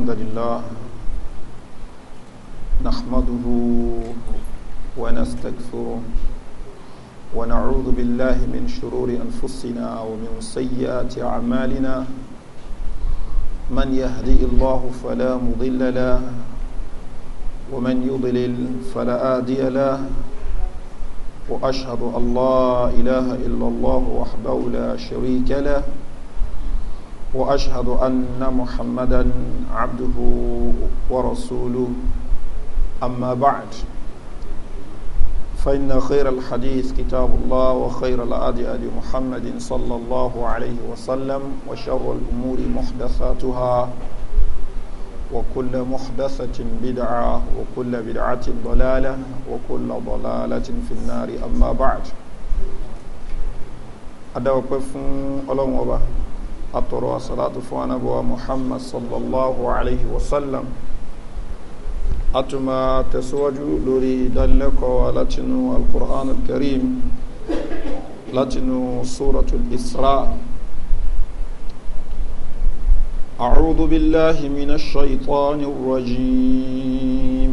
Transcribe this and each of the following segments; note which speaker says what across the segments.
Speaker 1: الحمد لله نحمده ونستكثره ونعوذ بالله من شرور أنفسنا ومن سيئات أعمالنا من يهدي الله فلا مضل له ومن يضلل فلا هادي له وأشهد أن لا إله إلا الله وحده لا شريك له واشهد ان محمدا عبده ورسوله اما بعد فان خير الحديث كتاب الله وخير الادي ادي محمد صلى الله عليه وسلم وشر الامور محدثاتها وكل محدثة بدعة وكل بدعة ضلالة وكل ضلالة في النار أما بعد أدعوكم ألوم وبا أطر وصلاة فوان أبو محمد صلى الله عليه وسلم أتما تسوج لري دلك ولتنو القرآن الكريم لتنو سورة الإسراء أعوذ بالله من الشيطان الرجيم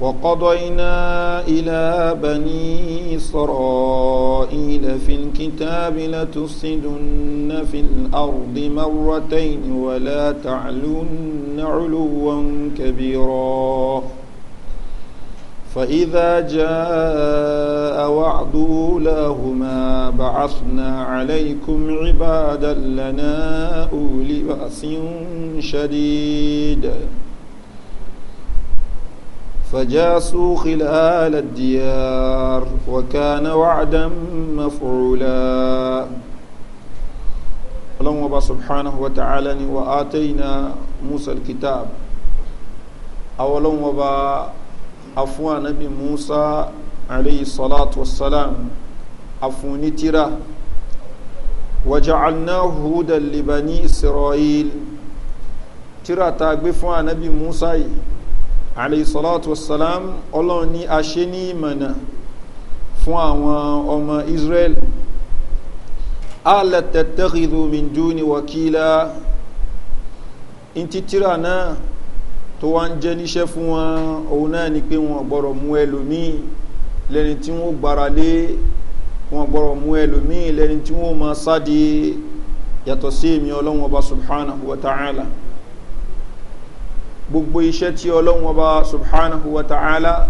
Speaker 1: وقضينا إلى بني إسرائيل في الكتاب لتفسدن في الأرض مرتين ولا تعلن علوا كبيرا فإذا جاء وعد أولاهما بعثنا عليكم عبادا لنا أولي بأس شديد فجاسوا خلال الديار وكان وعدا مفعولا اللهم وبا سبحانه وتعالى وآتينا موسى الكتاب أولهم وبا أفوى نبي موسى عليه الصلاة والسلام أفوني ترى وجعلناه هدى لبني إسرائيل ترى تاقبفوا نبي موسى aleyhisalatu wasalam ọlọ́run ní aṣe ní ìmọ̀nà fún àwọn ọmọ israel alẹ́tẹ̀tẹ̀kìdù mìndú ni wàkílá intitira náà tó wá ń jẹ́ níṣẹ́ fún wọn òun náà ni pé wọn gbọ́rọ̀ mú ẹlòmíì lẹ́ni tí wọ́n gbára lé wọn gbọ́rọ̀ mú ẹlòmíì lẹ́ni tí wọ́n máa sáde yàtọ̀ sí èmi ọlọ́run ọba subhanahu wa ta'ala gbogbo iṣẹ́ tí ọlọ́run ọba subhanahu wa ta'ala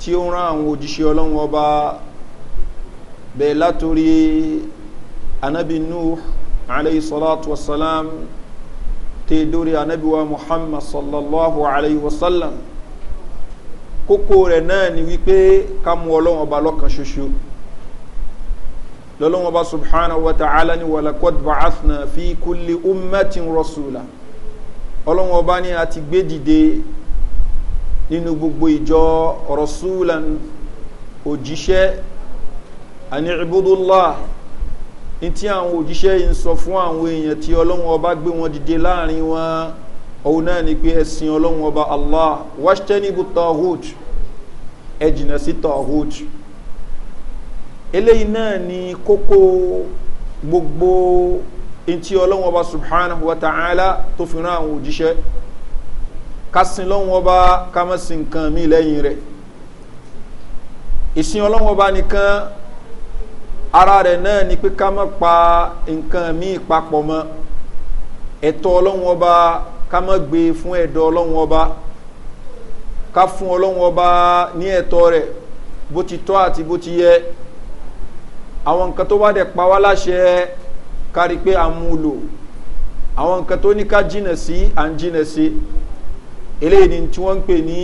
Speaker 1: tí ó rán àwọn òjíṣẹ́ ọlọ́run ọba bẹ̀ẹ̀ látorí anabi nuh alayhi salatu wasalam te dórí anabi wa muhammad sallallahu alayhi wasallam kókó rẹ̀ náà ni wípé ká mú ọlọ́run ọba lọ́kan ṣoṣo lọ́lọ́run ọba subhanahu wa ta'ala ni wàlàkọ́d ba'athna fi kulli ummatin rasulah ọlọ́run ọba ní a ti gbé dìde nínú gbogbo ìjọ ọ̀rọ̀ súlan òjíṣẹ́ àní ibùdókòlá ní tí àwọn òjíṣẹ́ yìí ń sọ fún àwọn èèyàn tí ọlọ́run ọba gbé wọn dìde láàrin wọn òun náà ni pé ẹ̀sìn ọlọ́run ọba allah washtenibu tahut ẹ jìnnà sí tahut eléyìí náà ni kókó gbogbo ntí ọlọ́wọ́n ọba subhanahu wa ta'ala tó fi rán àwọn òjíṣẹ́ kásìn lọ́wọ́n ọba kámẹ́sì nǹkan mi lẹ́yìn rẹ̀ ìsìn ọlọ́wọ́n ọba nìkan ara rẹ̀ náà ni pé ká má pa nǹkan mi papọ̀ mọ́ ẹ̀tọ́ ọlọ́wọ́n ọba ká gbé e fún ẹ̀dọ́ ọlọ́wọ́n ọba ká fún ọlọ́wọ́n ọba ní ẹ̀tọ́ rẹ̀ bó ti tọ́ àti bó ti yẹ àwọn nǹkan tó bá dẹ̀ pa wá láṣẹ ẹ̀ kárí pé a mú lò àwọn nǹkan tó ní ká jìnà sí à ń jìnà sí eléyìí ni tí wọ́n ń pè ní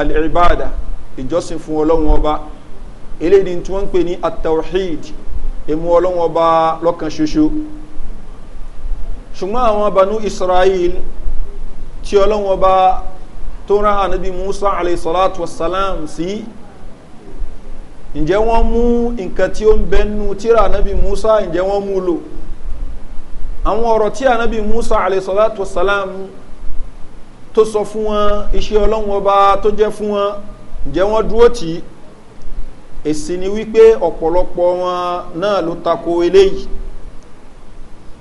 Speaker 1: alìrìbáàdà ìjọsìn fún ọlọ́run ọba eléyìí ni tí wọ́n ń pè ní atawhid ìmú ọlọ́run ọba lọ́kan ṣoṣo ṣùgbọ́n àwọn banu israel tí ọlọ́run ọba tó rán ànábì musa alayhisalatu wasalam sí ǹjẹ́ wọ́n mú nǹkan tí ó ń bẹ́nu tíra ànábì musa ǹjẹ́ wọ́n mú lò àwọn ọ̀rọ̀ tí anabi musa alayhisalatu salam tó sọ fún wọn iṣẹ́ ọlọ́run ọba tó jẹ́ fún wọn ǹjẹ́ wọ́n dúró tì í èsì ni wípé ọ̀pọ̀lọpọ̀ wọn náà ló tako eléyìí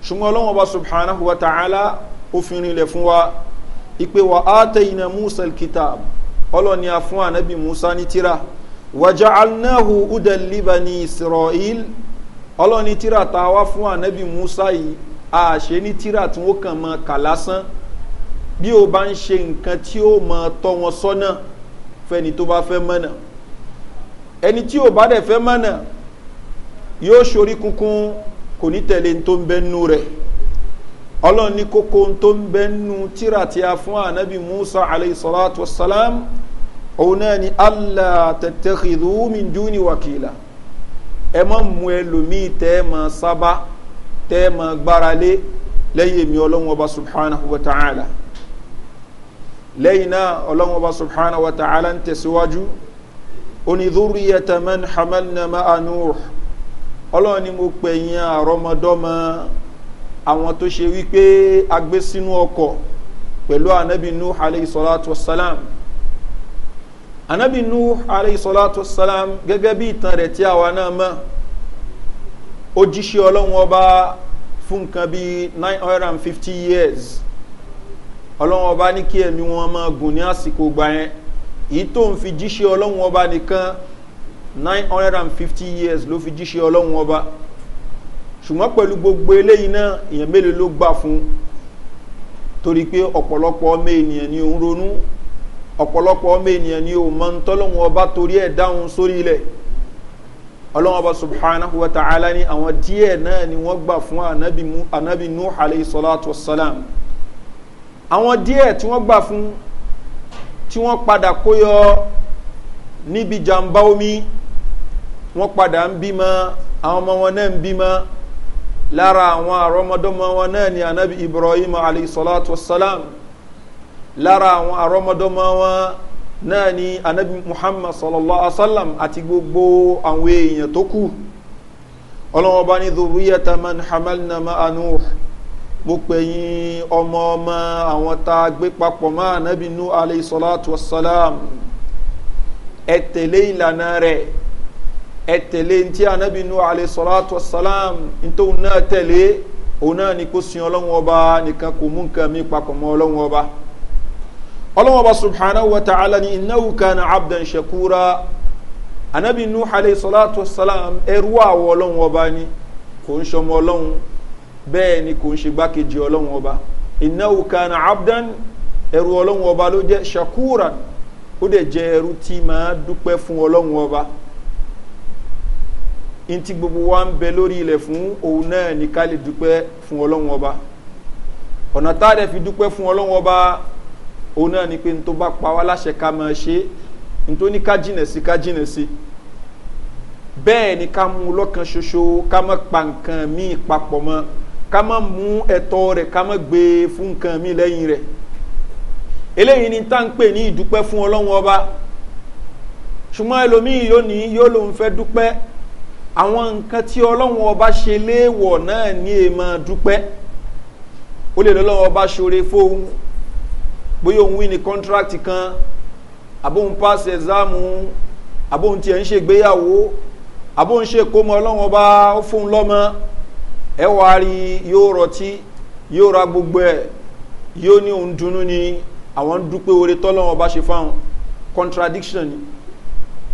Speaker 1: ṣùgbọ́n ọlọ́run ọba subhanahu wa ta'ala òfin rinlẹ̀ fún wa ìpè wà á tẹ̀yìnà musa kitab ọlọ́ni a fún anabi musa ní tíra wàjà alnahu udalibani israel ọlọ́ni tíra tàwa fún anabi musa yìí àṣẹ ní tíra tí wọ́n kàn mọ́ kà lásán bí o bá ń ṣe nǹkan tí ó mọ tọ́ wọn sọ́nà fẹ́ni tó bá fẹ́ mọ̀nà ẹni tí ò bá dẹ̀ fẹ́ mọ̀nà yóò ṣorí kunkun kò ní tẹ̀lé tó ń bẹ́nu rẹ̀ ọlọ́run ní kókó tó ń bẹ́nu tíra tí a fún ànábì musa alayhi salam òun náà ni allah tẹ̀tẹ̀ xidúmi dúni wàkìlà ẹ má mú ẹlòmíì tẹ́ ẹ má sábà tẹ́ mọ gbára lé lẹ́yìn mi ọlọ́run ọba subhanahu wa ta'ala lẹ́yìn náà ọlọ́run ọba subhanahu wa ta'ala ń tẹ̀síwájú onídúríyẹtẹ mẹ́n hamalnama anur ọlọ́run ni mo pẹ̀yìn àrọ́mọdọ́mọ àwọn tó ṣe wípé agbé sínú ọkọ̀ pẹ̀lú anabi nuh alayhi salatu gẹ́gẹ́ bí ìtàn rẹ̀ tí àwa náà mọ̀ ó jíṣẹ́ ọlọ́run ọba fún nǹkan bíi nine hundred and fifty years ọlọ́run ọba ní kí ẹ̀mí wọn máa gùn ní àsìkò gbà yẹn èyí tó ń fi jíṣẹ́ ọlọ́run ọba nìkan nine hundred and fifty years ló fi jíṣẹ́ ọlọ́run ọba ṣùgbọ́n pẹ̀lú gbogbo eléyìí náà èèyàn mélòó ló gbà fún torí pé ọ̀pọ̀lọpọ̀ ọmọ ènìyàn ni òun ronú ọ̀pọ̀lọpọ̀ ọmọ ènìyàn ni òun máa ń tọ́lọ́run ọba torí ẹ̀ dáhùn sórí ilẹ̀ ọlọ́wọ́ba subhanahu wa ta'ala ni àwọn díẹ̀ náà ni wọ́n gbà fún anabi nuh alayhi salatu wa salam àwọn díẹ̀ tí wọ́n gbà fún tí wọ́n padà kó yọ níbi jàǹbá omi wọ́n padà ń bímọ àwọn ọmọ wọn náà ń bímọ lára àwọn àrọmọdọ́mọ wọn náà ni anabi ibrahim alayhi salatu wa salam lára àwọn àrọmọdọ́mọ wọn náà ni anabi muhammad sallallahu alaihi wa sallam àti gbogbo àwọn èèyàn tó kù ọlọ́wọ́n bá ní zoriyata man hamalna ma anu mo pè yín ọmọ ọmọ àwọn tá a gbé papọ̀ mọ́ anabi nu alayhi salatu wa salam ẹ tẹ̀lé ìlànà rẹ̀ ẹ tẹ̀lé ntí anabi nu alayhi salatu wa salam ntòun náà tẹ̀lé òun náà ni kò sin ọlọ́wọ́n ọba nìkan kò mú nǹkan mi papọ̀ mọ́ ọlọ́wọ́n ọba ọlọ́mọba subhanahu wa ta'ala ni ináwó kana abdan shakura anabi nuh alayhi salatu wa salam ẹrú àwọ ọlọ́run ọba ni kò ń ṣọmọ ọlọ́run bẹ́ẹ̀ ni kò ń ṣe gbákejì ọlọ́run ọba ináwó kana abdan ẹrú ọlọ́run ọba ló jẹ́ shakura ó dẹ̀ jẹ́ ẹrú tí máa dúpẹ́ fún ọlọ́run ọba ntí gbogbo wa ń bẹ lórí ilẹ̀ fún òun náà ní ká lè dúpẹ́ fún ọlọ́run ọba ọ̀nà tá dẹ̀ fi dúpẹ́ fún ọlọ́run ọba òun náà ni pé n tó bá pa wá láṣẹ ká máa ṣe n tó ká jìnà sí ká jìnà sí bẹ́ẹ̀ ni ká mú lọ́kàn ṣoṣo ká má pa nǹkan míì papọ̀ mọ́ ká má mú ẹ̀tọ́ rẹ̀ ká má gbé e fún nǹkan míì lẹ́yìn rẹ̀ eléyìí ni tá ń pè ní ìdúpẹ́ fún ọlọ́run ọba ṣùgbọ́n ẹlòmíì yóò ní yóò lòun fẹ́ dúpẹ́ àwọn nǹkan tí ọlọ́run ọba ṣe léèwọ̀ náà ní èèmọ̀ dúpẹ́ ó lè lọ́lọ́run ọba ṣoore fóun bóyá òun wí ní contract kan àbóhun pass exam àbóhun tiẹ̀ ń ṣègbéyàwó àbóhun ṣe kó mọ ọlọ́wọ́n bá ó fóun lọ́mọ ẹ wà á rí yóò rọtí yóò ra gbogbo ẹ̀ yóò ní òun dunnú ni àwọn ń dúpẹ́ oore tọ́lọ́wọ́n bá ṣe fáwọn contradiction ni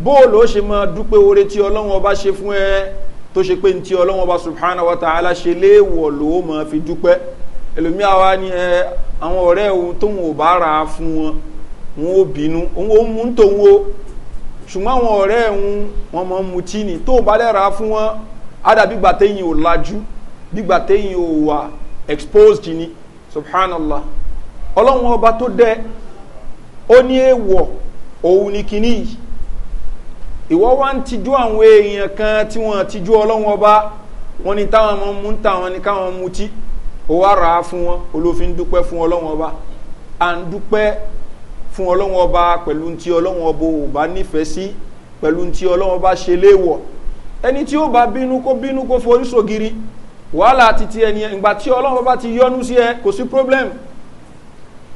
Speaker 1: bóòlù ó ṣe máa dúpẹ́ oore tí ọlọ́wọ́n bá ṣe fún ẹ tó ṣe pé tí ọlọ́wọ́n bá subhanahu wa ta'ala ṣe léèwọ̀ lòó máa fi dúpẹ́ ẹlòmíà wa ni ẹ. Eh, àwọn ọ̀rẹ́ òun tóun ò bá ra fún wọn wọn ò bínú òun ò mú tóun o ṣùgbọ́n àwọn ọ̀rẹ́ òun wọn mọ̀ ń mutí ni tóun bá lẹ́ ra fún wọn ádà bígbà téyìn ò lajú bígbà téyìn ò wà exposed ni subhanallah ọlọ́run ọba tó dẹ ó ní èèwọ̀ òun ni kìíní yìí ìwọ́ wá ń tijú àwọn èèyàn kan tí wọ́n tijú ọlọ́run ọba wọn ni táwọn ọmọ mú ń ta wọn ni káwọn mutí ó wá ra fún wọn olófin dúpẹ́ fún ọlọ́wọ́n ọba à ń dúpẹ́ fún ọlọ́wọ́n ọba pẹ̀lú ti ọlọ́wọ́n ọba ò bá nífẹ̀ẹ́ sí pẹ̀lú ti ọlọ́wọ́n ọba ṣe léèwọ̀ ẹni tí ó bá bínú kó bínú kó forí titi ẹni ìgbà tí ọlọ́wọ́n ọba ti yọnu sí ẹ kò sí problem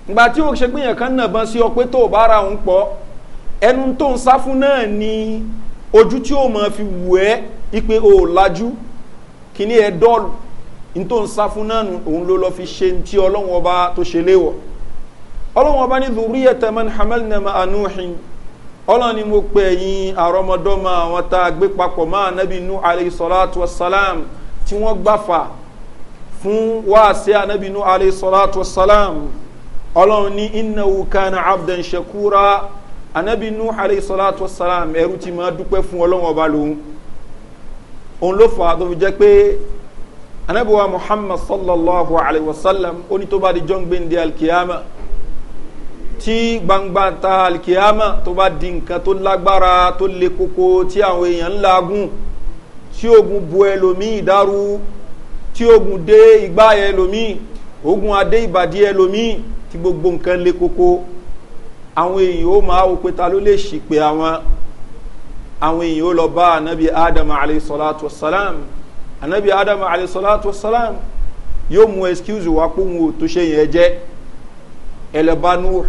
Speaker 1: ìgbà tí ó ṣe gbìyàn kan nàbọn sí ọ pé tó o bá ra òun pọ̀ ẹnu tó ń sá fún náà ni ojú tí ó mọ̀ fi wù ẹ́ ipe ò lajú kìíní ẹ dọ́ọ̀lù n tó ń sá fún náà òun ló lọ fi ṣe tí ọlọ́wọ́n ọba tó ṣe léwọ̀ ọlọ́wọ́n ọba ní zuriya taman hamal nama anuhin ọlọ́run ni mo pè yín àrọ́mọdọ́mọ àwọn tá a gbé papọ̀ máa nábì nu alayhi salatu wa salam tí wọ́n gbàfà fún wáàsí anábì nu alayhi salatu ọlọ́run ní iná wukana abdan shakura anábì nu alayhi salatu ẹrú ti máa dúpẹ́ fún ọlọ́run ọba lòun òun ló fà á tó fi jẹ́ pé anabiwa muhammad sallallahu alayhi wa sallam oní tó bá di john gbendi alkiyama tí gbangba ta alkiyama tó bá di nǹkan tó lágbára tó le koko tí àwọn èèyàn ń lagún tí ogun bu ẹlòmíì dárú tí ogun dé igbá ẹlòmíì ogun adé ìbàdí ẹlòmíì tí gbogbo nǹkan le koko àwọn èèyàn ó máa wò pé ta ló lè ṣì pé àwọn àwọn èèyàn ó lọ bá anabi adam alayhi salatu wa salam anabi adam alayhisalatu wasalam yóò mú excuse wá pé òun ò tó ṣe yẹn jẹ́ ẹlẹ́bánú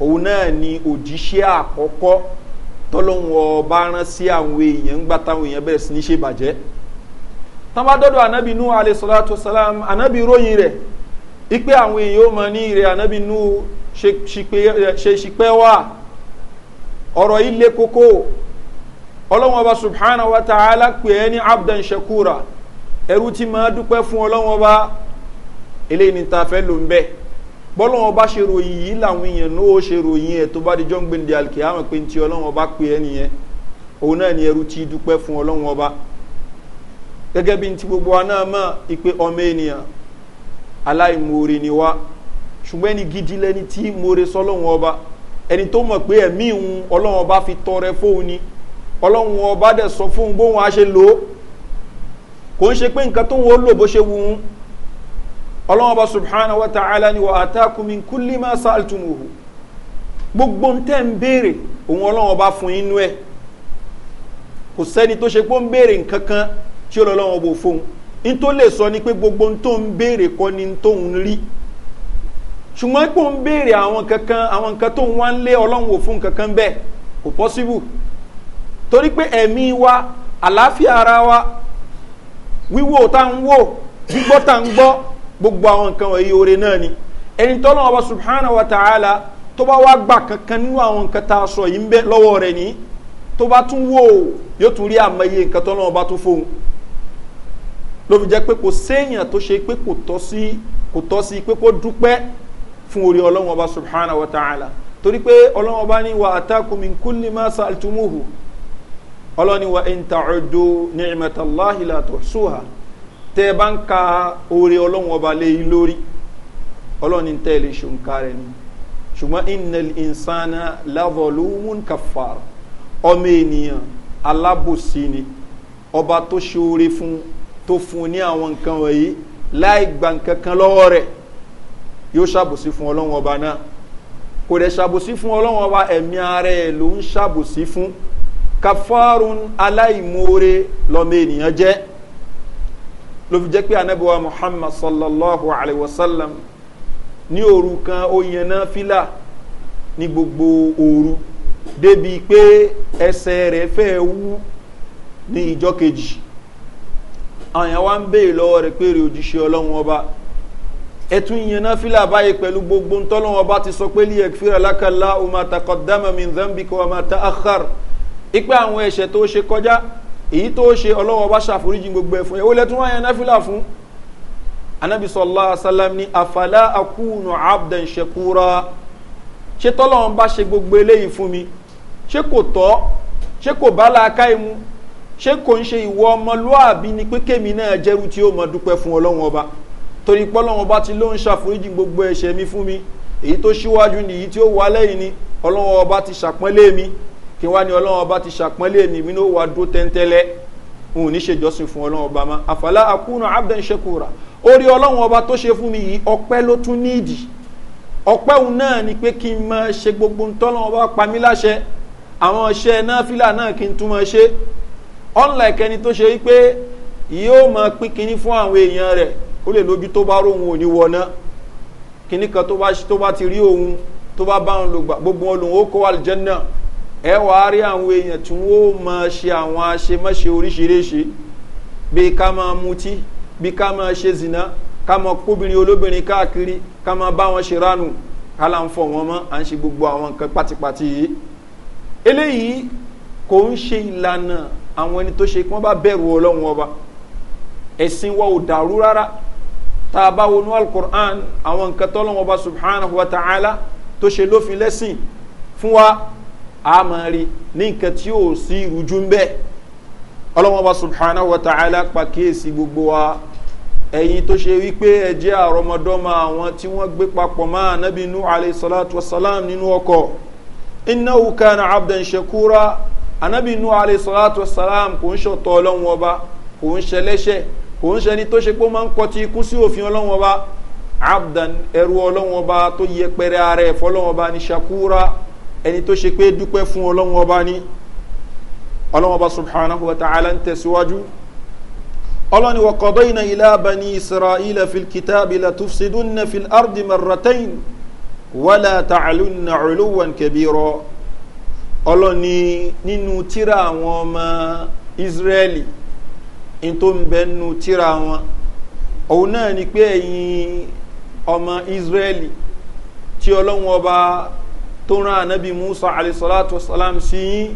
Speaker 1: òun náà ni òjíṣẹ́ àkọ́kọ́ tọ́lọ́hún ọba rán sí àwọn èèyàn ń gbà táwọn èèyàn bẹ̀rẹ̀ sí ní ṣe bàjẹ́ tọ́bádọ́dọ̀ anabi nu alayhisalatu wasalam anabi ròyìn rẹ̀ ipe àwọn èèyàn ó mọ ní ìrẹ̀ anabi nu ṣe ṣìpẹ́ wà ọ̀rọ̀ yìí lé kókó ọlọ́wọ́n ọba subhana wa ta'ala pè é ní abdan shakura ẹrú tí máa dúpẹ́ fún ọlọ́wọ́n ọba eléyìí ní ta fẹ́ ló ń bẹ́ bọ́lọ́wọ́n ọba ṣe ròyìn yìí làwọn èèyàn ní ó ṣe ròyìn ẹ̀ tó bá di jọ́ngbé ní alkè àwọn pé ti ọlọ́wọ́n ọba pè é nìyẹn òun náà ni ẹrú tí dúpẹ́ fún ọlọ́wọ́n ọba gẹ́gẹ́ bí ti gbogbo wa náà mọ̀ ìpè ọmọ ènìyàn aláìmoore ni wa ṣùgbọ́n ẹni gidi lẹni tí moore sọ́lọ́wọ́n ọba ẹni tó mọ̀ pé ẹ̀mí òun ọlọ́wọ́n ọba fi tọrẹ fóun ni ọlọ́run ọba dẹ̀ sọ fún bóun a ṣe lò ó kò ń ṣe pé nǹkan tó ń wo lò bó ṣe wù ú ọlọ́run ọba subhanahu wa ta'ala ni wa á tákùn mi kúlí máa sá àtúmùhù gbogbo ń tẹ́ ń béèrè òun ọlọ́run ọba fún inú ẹ̀ kò sẹ́ni tó ṣe pé ó ń béèrè nǹkan kan tí ó lọ lọ́wọ́ bò fóun ní tó lè sọ ni pé gbogbo ń tó ń béèrè kọ́ ni tóun rí ṣùgbọ́n pé ń béèrè àwọn kankan àwọn nǹkan tó ń wá ń lé ọlọ́run òfun kankan bẹ́ẹ̀ kò pọ́síbù torí pé ẹ̀mí wa àlàáfíà ara wa wíwò tá ń wò gbígbọ́ tá ń gbọ́ gbogbo àwọn nǹkan wọ̀nyí oore náà ni ẹni tọ́lọ́ ọba subhanahu wa ta'ala tó bá wá gbà kankan nínú àwọn nǹkan tá a sọ yìí ń bẹ lọ́wọ́ rẹ̀ ní tó bá tún wò yóò tún rí àmọye nǹkan tọ́lọ́ ọba tún fóun ló fi jẹ́ pé kò séèyàn tó ṣe pé kò tọ́ sí pé kó dúpẹ́ fún orí ọlọ́wọ́n ọba subhanahu wa ta'ala torí pé ọlọ́wọ́n ọba ní wà á tá kùmí kúlì má sa àtúmùhù ọlọ́ni wa intaudu ni'matalahi la tuhsuha tẹ́ ẹ bá ń ka oore ọlọ́run ọba lé yín lórí ọlọ́ni tẹ́ ẹ lè ṣe nǹka rẹ̀ ni ṣùgbọ́n innal insana lavolumun kafar ọmọ ènìyàn alábòsí ni ọba tó ṣe oore fún tó fún ní àwọn nǹkan wọ̀nyí láì gba nǹkan kan lọ́wọ́ rẹ̀ yóò ṣàbòsí fún ọlọ́run ọba náà kò dẹ̀ ṣàbòsí fún ọlọ́run ọba ẹ̀mí ara ẹ̀ ló ń ṣàbòsí fún ọlọ́run kafarun aláìmoore lọ́mọ ènìyàn jẹ́ ló fi jẹ́ pé anábíwá muhammad sallallahu alayhi wa sallam ní òru kan ó yẹnà fílà ní gbogbo òru débi pé ẹsẹ̀ rẹ̀ fẹ́ wú ní ìjọ kejì àyàn wa ń béè lọ́wọ́ rẹ̀ pé rè òjíṣẹ́ ọlọ́run ọba ẹtún yẹnà fílà báyìí pẹ̀lú gbogbo ntọ́lọ́run ọba ti sọ pé lè fira lákàlá o máa takọ̀ dámàmí zambi kò máa ta akhar ipe àwọn ẹ̀ṣẹ̀ tó ṣe kọjá èyí tó ṣe ọlọ́wọ́ bá ṣàforíjì gbogbo ẹ̀ fún ẹ̀ ó lẹ́tún wáyé náfìlà fún anabi sọlá asálàm ní àfàlà akúnù abdan shakura ṣé tọ́lọ́wọ́n bá ṣe gbogbo eléyìí fún mi ṣé kò tọ́ ṣé kò bá láaká imú ṣé kò ń ṣe ìwọ ọmọlúàbí ni pé kémi náà jẹ́rú tí ó mọ dúpẹ́ fún ọlọ́wọ́n ọba torí pọ́lọ́wọ́n ọba ti ló ń ṣàforíjì gbogbo ẹ̀ṣẹ̀ mi fún mi èyí tó ṣíwájú ni èyí tí ó wà lẹ́yìn ni ọlọ́wọ́n ọba ti ṣàpọ́nlé mi kí wá ní ọlọ́run ọba ti ṣàpọ́nlé mi mi ní ó wà dó tẹ́ntẹ́lẹ́ òun ní ṣèjọsìn fún ọlọ́run ọba mọ́ àfàlà àkúnà abdul shakura orí ọlọ́run ọba tó ṣe fún mi yìí ọpẹ́ ló tún ní ọpẹ́ òun náà ni pé kí n máa ṣe gbogbo ntọ́lọ́run ọba pa mí láṣẹ àwọn iṣẹ́ náfìlà náà kí n tún máa ṣe unlike ẹni tó ṣe wípé yóò máa pín kinní fún àwọn èèyàn rẹ̀ ó lè lójú tó bá róhun òní wọná kinní kan tó bá ti rí òun tó bá bá òun lògbà gbogbo òun ó kó àlùjẹ́ ẹ wà á rí àwọn èèyàn tí wọ́n máa ṣe àwọn aṣemáṣe oríṣiríṣi bíi ká máa mutí bíi ká máa ṣe zìnà ká máa kóbìnrin olóbìnrin káàkiri ká máa bá wọn ṣe ránù ká là ń fọ wọn mọ́ à ń ṣe gbogbo àwọn nǹkan pátipátí yìí eléyìí kò ń ṣe ìlànà àwọn ẹni tó ṣe kí wọ́n bá bẹ̀rù ọlọ́run ọba ẹ̀sìn wa ò dàrú rárá tá a bá wọnú alukur'an àwọn nǹkan tọ́lọ́wọ́n subhanahu wa ta'ala tó ṣe lófin lẹ́sìn fún wa a máa rí ní nǹkan tí yóò sí ìrújú ń bẹ́ẹ̀ ọlọ́mọba subhanahu wa ta'ala pàkíyèsí gbogbo wa ẹ̀yin tó ṣe wípé ẹ̀jẹ̀ àrọmọdọ́mọ àwọn tí wọ́n gbé papọ̀ máa nábì nú alayhi salatu nínú ọkọ̀ iná hukana abdan shakura anabi nú alayhi salatu kò ń ṣọ̀tọ̀ ọlọ́wọ́n ọba kò ń ṣẹlẹ́ṣẹ̀ kò ń ṣẹni tó ṣe pé máa ń kọtí ikú sí òfin ọlọ́wọ́n ọba abdan ẹrú ọlọ́wọ́n ọba tó yẹ pẹrẹ ara ẹ̀fọ́ ọlọ́wọ́n ọba ní shakura ẹni tó ṣe pé dúpẹ́ fún ọlọ́run ọba ní ọlọ́run ọba subhanahu wa ta'ala ń tẹ̀síwájú ọlọ́ni wọ kọ̀dọ̀ iná ilá bani israẹ́lẹ̀ filkita bila tufsidun na fil ardi marratain wala ta'alun na uluwan kabiro ọlọ́ni nínú tíra àwọn ọmọ israẹli in tó ń bẹ nínú tíra wọn òun náà ni pé ẹ̀yin ọmọ israẹli tí ọlọ́run ọba tó ran anabi musa alayhisalatu wasalam sí yín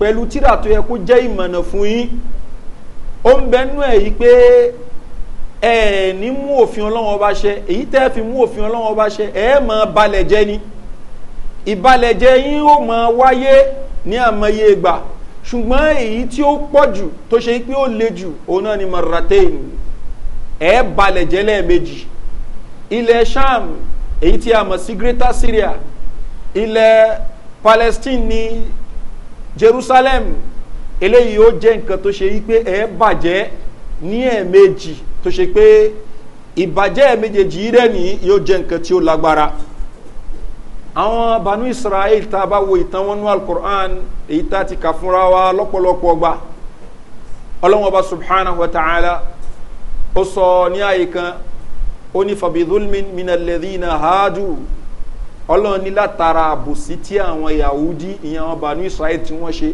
Speaker 1: pẹ̀lú tíra tó yẹ kó jẹ́ ìmọ̀nà fún yín ó ń bẹnu ẹ̀ yí pé ẹ ní mú òfin ọlọ́wọ́n bá ṣe èyí tẹ́ fi mú òfin ọlọ́wọ́n bá ṣe ẹ mọ̀ balẹ̀ jẹ́ ni ìbalẹ̀ jẹ́ yín ó mọ̀ wáyé ní àmọye ìgbà ṣùgbọ́n èyí tí ó pọ̀ jù tó ṣe pé ó le jù òun náà ni maratain ẹ balẹ̀ jẹ́ lẹ́ẹ̀mejì ilẹ̀ sham èyí tí a mọ̀ sí greater syria ilẹ̀ palestine ní jerusalem eléyìí ó jẹ́ nǹkan tó ṣe wípé ẹ̀ bàjẹ́ ní ẹ̀ẹ̀mejì tó ṣe pé ìbàjẹ́ ẹ̀ẹ̀mejì yìí rẹ̀ ní yóò jẹ́ nǹkan tí ó lágbára àwọn banu israel tá a bá wo ìtàn wọn nú alukur'an èyí tá a ti kà fúnra wa lọ́pọ̀lọpọ̀ gbà ọlọ́wọ́n bá subhanahu wa ta'ala ó sọ ní àyè kan ó ní fàbídúlmin minalẹ́dínà hádùú ọlọ́run ní látara àbòsí tí àwọn yahudi ìyẹn àwọn bànú israel tí wọ́n ṣe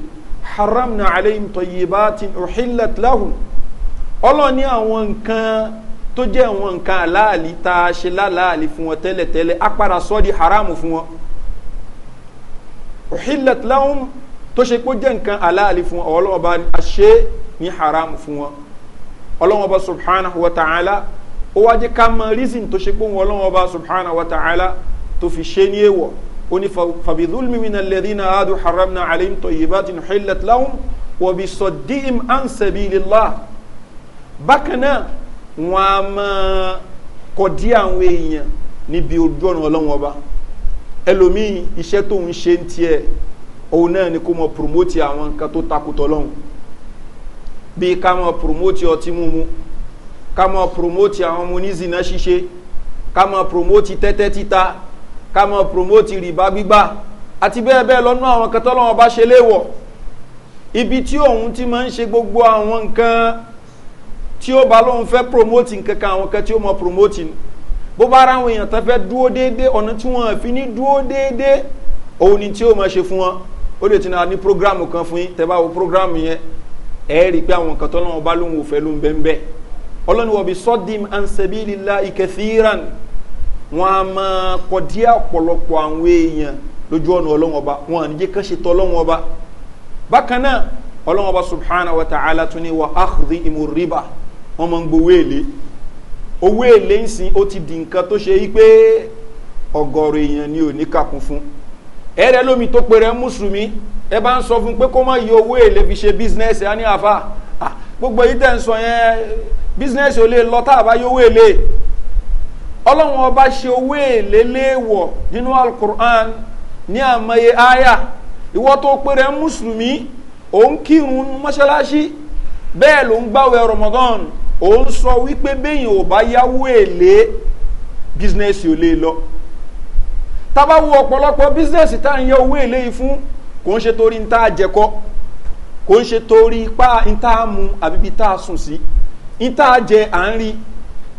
Speaker 1: haram na aleyhim tọyibatin uhillat lahum ọlọ́run ní àwọn nǹkan tó jẹ́ àwọn nǹkan aláàlí tá a ṣe láàlí fún wọn tẹ́lẹ̀tẹ́lẹ̀ á padà sọ́ di haram fún wọn uhillat lahum tó ṣe pé jẹ́ nǹkan aláàlí fún wọn ọlọ́run bá a ṣe ní haram fún wọn ọlọ́run bá subhanahu wa ta'ala ó wájú ká mọ reason tó ṣe pé wọn ọlọ́run bá subhanahu wa ta'ala tó fi ṣe ní èèwọ̀ ó ní fàbídúlmi mi náà lẹ́dí náà ádùn haram náà alim tó yìí bá ti nù xilẹ̀ láwùn wọ̀bí sọ díìm ánsẹ̀bí lílá bákan náà wọn a máa kọ dí àwọn èèyàn níbi ojú ọ̀nà ọlọ́wọ́n ọba ẹlòmíì iṣẹ́ tó ń ṣe ń tiẹ̀ òun náà ni kó mọ promote àwọn nǹkan tó takùtọ̀ lọ́hùn bíi ká mọ promote ọtí mímu ká mọ promote àwọn ọmọ onízìnà ṣíṣe ká mọ promote tẹ́tẹ́ títa ká mọ promote rìbá gbígbà àti bẹ́ẹ̀ bẹ́ẹ̀ lọ́nú àwọn kan tọ́lọ́wọ́n bá ṣe léwọ̀ ibi tí òun ti máa ń ṣe gbogbo àwọn nǹkan tí ó bá lóun fẹ́ promote nǹkan kan àwọn kan tí ó mọ promote ni bó bá ara àwọn èèyàn tán fẹ́ dúó déédéé ọ̀nà tí wọ́n fi ní dúó déédéé òun ni tí ó mọ ṣe fún wọn ó lè ti náà ní programu kan fún yín tẹ́bá wo programu yẹn ẹ rí i pé àwọn nǹkan bá lóun ò fẹ́ lóun bẹ́ẹ̀ bẹ́ẹ̀ ọlọ́ni wọ̀ bí sọ́dìm ansẹ́bílì la ìkẹfìrán wọn a máa kọdí ọ̀pọ̀lọpọ̀ àwọn èèyàn lójú ọ̀nà ọlọ́wọ́n ọba wọn à ní jẹ́ kán ṣe tọ́ ọlọ́wọ́n bákan náà ọlọ́wọ́n ọba wa ta'ala tún ní wa akhdi imu riba wọn máa ń gbowó èlé owó èlé ń sìn ó ti di nǹkan tó ṣe yí pé ọgọ́rọ̀ èèyàn ni ò ní kàkún fún ẹ̀rẹ́ lómi tó pe rẹ̀ mùsùlùmí ẹ bá ń sọ fún pé kó má yọ owó èlé fi ṣe bísínẹ́sì á ní àfa gbogbo yìí tẹ̀ ń sọ yẹn bísínẹ́sì ò lè lọ tá a bá yọ owó èlé ọlọ́run ọba ṣe owó èlé léèwọ̀ nínú alukur'an ní àmọye aya ìwọ́ tó péré mùsùlùmí òun kírun mọ́ṣáláṣí bẹ́ẹ̀ ló ń gbáwẹ̀ ramadan òun sọ wípé bẹ́yìn ò bá yáwó èlé bísínẹ́sì ò lè lọ tábà wo ọ̀pọ̀lọpọ̀ bísínẹ́sì tá à ń yẹ owó èlé yìí fún kò ń ṣe torí ń tá a jẹkọ́ kò ń ṣe torí ipá ń tá a mu àbíbi tá a sùn sí ń tá a jẹ à ń rí i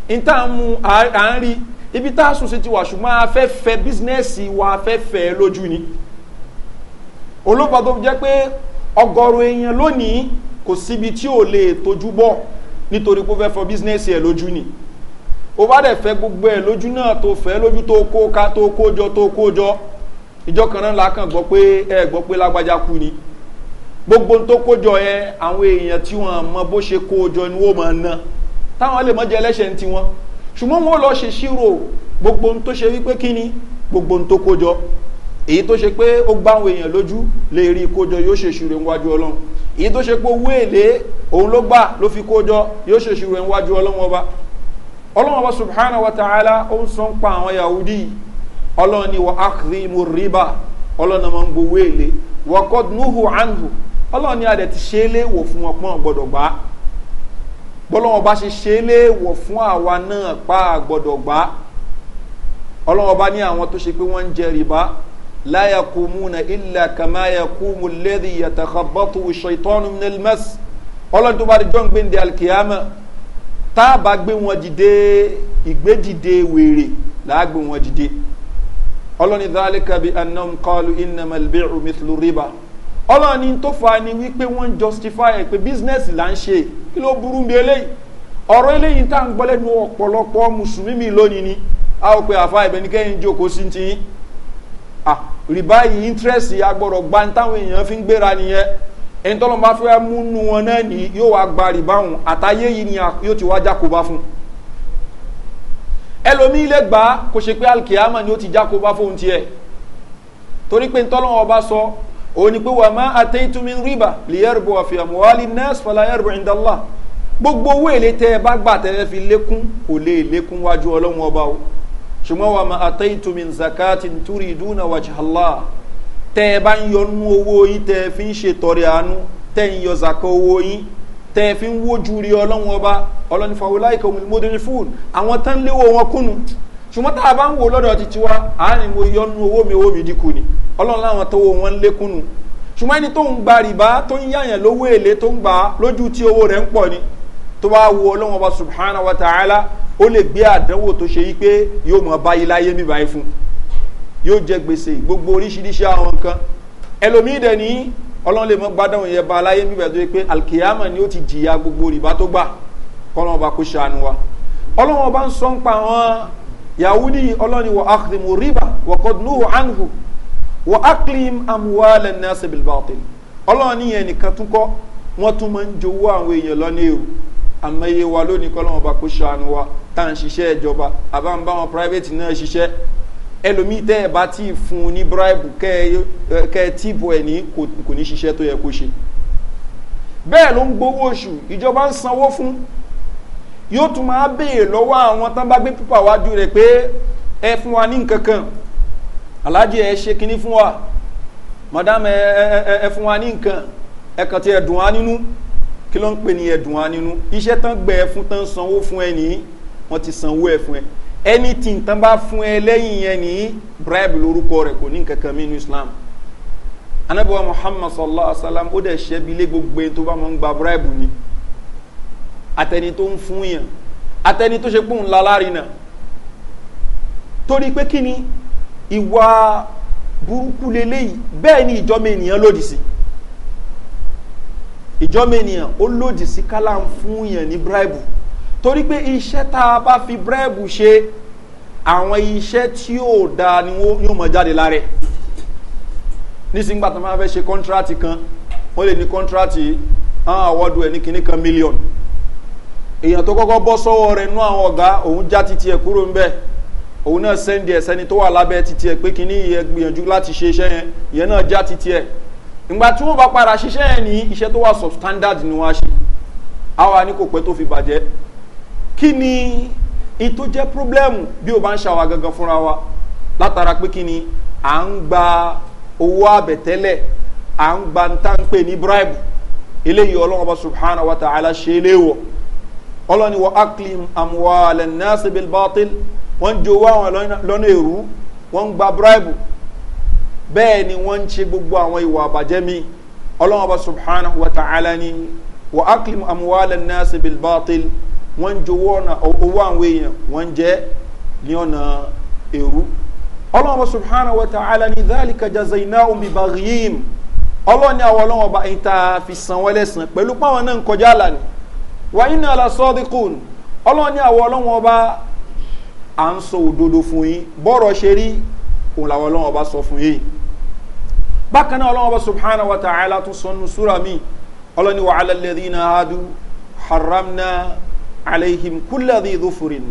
Speaker 1: níta mu à ń rí ibi tá a sùn sí ti wà ṣùgbọ́n a fẹ́ fẹ́ bísínẹ́sì wa fẹ́ fẹ́ lójú ni olóòpá tó jẹ́ pé ọgọ́rùn èèyàn lónìí kò síbi tí ò lè tójú bọ̀ nítorí pé ó fẹ́ fọ bísínẹ́sì ẹ̀ lójú ni ó bá dẹ̀ fẹ́ gbogbo ẹ̀ lójú náà tó fẹ́ lójú tó kó ká tó kó jọ tó kó jọ ìjọ kan náà lákàn gbọ́ pé ẹ gbọ́ pé lágbájá kú ni gbogbo tó kó jọ ẹ àwọn èèyàn tí wọ́n mọ bó ṣe kó jọ ni wọ́n máa ná táwọn lè mọ́ jẹ́ ẹlẹ́ṣẹ̀ ń tiwọn ṣùgbọ́n wọn lọ ṣe ṣírò gbogbo ohun tó ṣe wípé kí ni gbogbo ohun tó kójọ èyí tó ṣe pé ó gbá àwọn èèyàn lójú lè rí kójọ yóò ṣe ṣírò níwájú ọlọ́run èyí tó ṣe pé owó èlé òun ló gbà ló fi kójọ yóò ṣe ṣírò níwájú ọlọ́run ọba ọlọ́run ọba subhanahu wa ta'ala ó ń sọ pa àwọn yahudi ọlọ́run ni wọ́n akiri mu riba ọlọ́run ọmọ ń gbowó èlé wọ́n kọ́ nuhu anhu ọlọ́run ni adẹ̀ ti ṣe é léwò fún wọn gbọ́dọ̀ gbàá bọ́lọ́wọ́ bá ṣe ṣe é léèwọ̀ fún àwa náà pa àgbọ̀dọ̀ gbá ọlọ́wọ́ bá ní àwọn tó ṣe pé wọ́n ń jẹ rìbá láyà kú múna ilẹ̀ kàmáyà kú mu lẹ́dí yàtà xabọ́tù ṣètọ́nù nílmẹ́s ọlọ́run tó bá di john gbéǹde alkiyama tá a bá gbé wọn dìde ìgbédìde wèrè là wọn dìde ọlọ́run ní anam kọ́lu ìnàmàlbẹ́rù mìtìlú rìbá. ọlọ́ọ̀ni tó fa ni wípé wọ́n justify ẹ̀ pé business là ń ṣe kí ló burú mi eléyìí ọ̀rọ̀ eléyìí tá à ń gbọ́ lẹ́nu ọ̀pọ̀lọpọ̀ mùsùlùmí mi lónìí ni a ó pe àfa ìbẹ́ni kẹ́yìn jókòó sí ti yín ah rìbá yìí interest gba ní táwọn èèyàn fi ń gbéra nìyẹn ẹni tọ́lọ́ bá fẹ́ mú nu wọn náà ni yóò wá gba rìbá yìí ni yóò ti wá fún sọ òní pé wà má àtẹ́tùmí rìbá lìyẹ́rùbù àfihàn wàhálì nẹ́ẹ̀sì fàlàyẹ́rùbù ìdánlá gbogbo owó èlé tẹ́ ẹ bá gbà tẹ́ ẹ fi lékún kò lè lékún wájú ọlọ́run ọba o ṣùgbọ́n wà má àtẹ́tùmí zakati ntúrì ìdúnà wàjàlá tẹ́ ẹ bá ń yọnú owó yín tẹ́ ẹ fi ń ṣe tọrẹ àánú tẹ́ ń yọ zàkọ owó yín tẹ́ ẹ fi ń wójú rí ọlọ́run ọba ọlọ́run fàwọláìkọ̀ ṣùgbọ́n tá a bá ń wo lọ́dọ̀ ti tiwa àárín wo yọnu owó mi owó mi dínkù ni ọlọ́run láwọn tó wo wọn ń lékún nu ṣùgbọ́n ẹni tó ń gba rìbá tó ń yàyàn lówó èlé tó ń gbà lójú tí owó rẹ̀ ń pọ̀ ni tó bá wo ọlọ́run ọba subhana wa ta'ala ó lè gbé àdánwò tó ṣe yí pé yóò mọ báyìí láyé mi báyìí fún yóò jẹ gbèsè gbogbo oríṣiríṣi àwọn nǹkan ẹlòmíì dẹ̀ ní ọlọ́run lè mọ gbádùn yẹn ba láyé mi báyìí pé alkiyama ni ó ti jìyà gbogbo rìbá tó gbà kọ́lọ́run ọba kó ṣàánú wa ọlọ́run ọba ń sọ ń pa àwọn yahudi ọlọ́ni wọ akdimu riba wọkọdúnúhù anhu wọ aklim amuwalẹ̀ nẹ́ẹ̀sì bilbaotin ọlọ́ni yẹn nìkan tún kọ́ wọ́n tún máa ń jowó àwọn èèyàn lọ́nà èrò wa lónìí kọ́ lọ́wọ́ bá kó wa tá à ń ṣiṣẹ́ ìjọba àbá ń wọn private náà ṣiṣẹ́ ẹlòmíì tẹ́ ẹ bá tí ì fún un ní bribe kẹ́ ẹ tíìpù ẹ̀ ní kò ní ṣiṣẹ́ tó yẹ kó ṣe bẹ́ẹ̀ ló ń gbowó oṣù ìjọba ń sanwó fún yóò tún máa béèrè lọ́wọ́ àwọn tán bá gbé pípà wájú rẹ̀ pé ẹ fún wa ní nǹkan kan ẹ ṣe kinní fún wa madame ẹ ẹ ẹ fún wa ní nǹkan ẹ kàn ti ẹ̀dùn wa nínú kí ló ń pè ní ẹ̀dùn wa nínú iṣẹ́ tán gbẹ ẹ fún tán sanwó fún ẹ nìyí wọ́n ti sanwó ẹ fún ẹ anything tán bá fún ẹ lẹ́yìn yẹn nìyí bribe lórúkọ rẹ̀ kò ní nǹkan kan islam anabiwa muhammad sallallahu alaihi wa sallam ó dẹ̀ ṣẹ́bi lé gbogbo ẹni tó bá máa ń gba bribe ni àtẹni tó ń fún yàn àtẹni tó ṣe pé òun lalárinà torí pé kí ni ìwà burúkú leléyìí bẹ́ẹ̀ ni ìjọba ènìyàn lòdì sí ìjọba ènìyàn ó lòdì sí kálá ń fún yàn ní bíráìbù torí pé iṣẹ́ tá a bá fi bíráìbù ṣe àwọn iṣẹ́ tí ò dáa ni yóò mọ̀ jáde lára ẹ̀ nísìngbà tó máa fẹ́ ṣe kọ́ńtíráàtì kan wọ́n lè ní kọ́ńtíráàtì àwọn àwọ́dù ẹ̀ ní kinní kan mílíọ̀nù èèyàn tó kọ́kọ́ bọ́ sọ́wọ́ rẹ̀ nú àwọn ọ̀gá òun já titi ẹ̀ kúrò ńbẹ́ òun náà sẹ́ndì ẹ̀ sẹ́ni tó wà lábẹ́ titi ẹ̀ pé kíní ìyẹn gbìyànjú láti ṣe iṣẹ́ yẹn ìyẹn náà já titi ẹ̀ ìgbà tí wọ́n bá padà ṣiṣẹ́ yẹn ní iṣẹ́ tó wà substandard ni wọ́n á ṣe àwa ni kò pẹ́ tó fi bàjẹ́ kí ni ìtó jẹ́ pírọ́blẹ́mù bí o bá ń ṣàwà gangan fúnra wa látara pé kí ni à ń gba owó àbẹ̀tẹ́lẹ̀ à ń gba ntá ń pè ní bribe eléyìí ọlọ́run ọba subhanahu wa ta'ala ṣe é léwọ̀ ọlọ́ni wọ aklim amuwaale nurse bill batil wọ́n jowó àwọn lọ́nà èrú wọ́n gba bribe bẹ́ẹ̀ ni wọ́n ń ṣe gbogbo àwọn ìwà àbàjẹ́ mi ọlọ́wọ́n bá subhanahu wa ta'ala ni wọ aklim amuwaale nurse bill batil wọ́n jowó owó àwọn èèyàn wọ́n jẹ́ ní ọ̀nà èrú ọlọ́wọ́n bá subhanahu wa ta'ala ni dhalika jazaina omi baghim ọlọ́ni àwọn ọlọ́wọ́n bá ń fi san wọ́lẹ́sàn pẹ̀lú pàwọn náà kọjá lánàá wà ní àlà sọ́díkùn ọlọ́run ní àwọ ọlọ́run ọba à ń sọ òdodo fún yín bọ́rọ̀ ṣe rí òun làwọn ọlọ́run ọba sọ fún yín bákan náà ọlọ́run ọba subhanahu wa ta'ala tún sọ nù súra mi ọlọ́run wà á lẹ́lẹ́ dín náà hadu aleihim kúlẹ̀dì ìdófòrin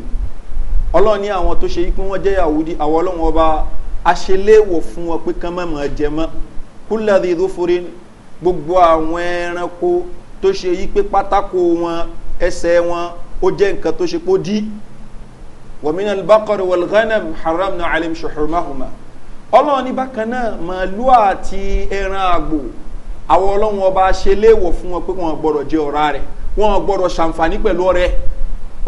Speaker 1: ọlọ́run ní àwọn tó ṣe yí pé wọ́n jẹ́ yahudi àwọn ọlọ́run ọba aṣeléwò fún wọn pé kán mọ̀ mọ̀ jẹ mọ́ kúlẹ̀dì ìdófòrin gbogbo àwọn ẹranko tó ṣe yí pé pátákó wọn ẹsẹ̀ wọn ó jẹ́ nǹkan tó ṣe pó dí wàmínà bákọ̀rọ̀ wàlgánàm haram na alim ṣùhùmáhùmá ọlọ́run ní bákan náà màálù àti ẹran àgbò àwọn ọlọ́run ọba ṣe léèwọ̀ fún wọn pé wọn gbọ́dọ̀ jẹ ọ̀rá rẹ̀ wọn gbọ́dọ̀ ṣàǹfààní pẹ̀lú ọrẹ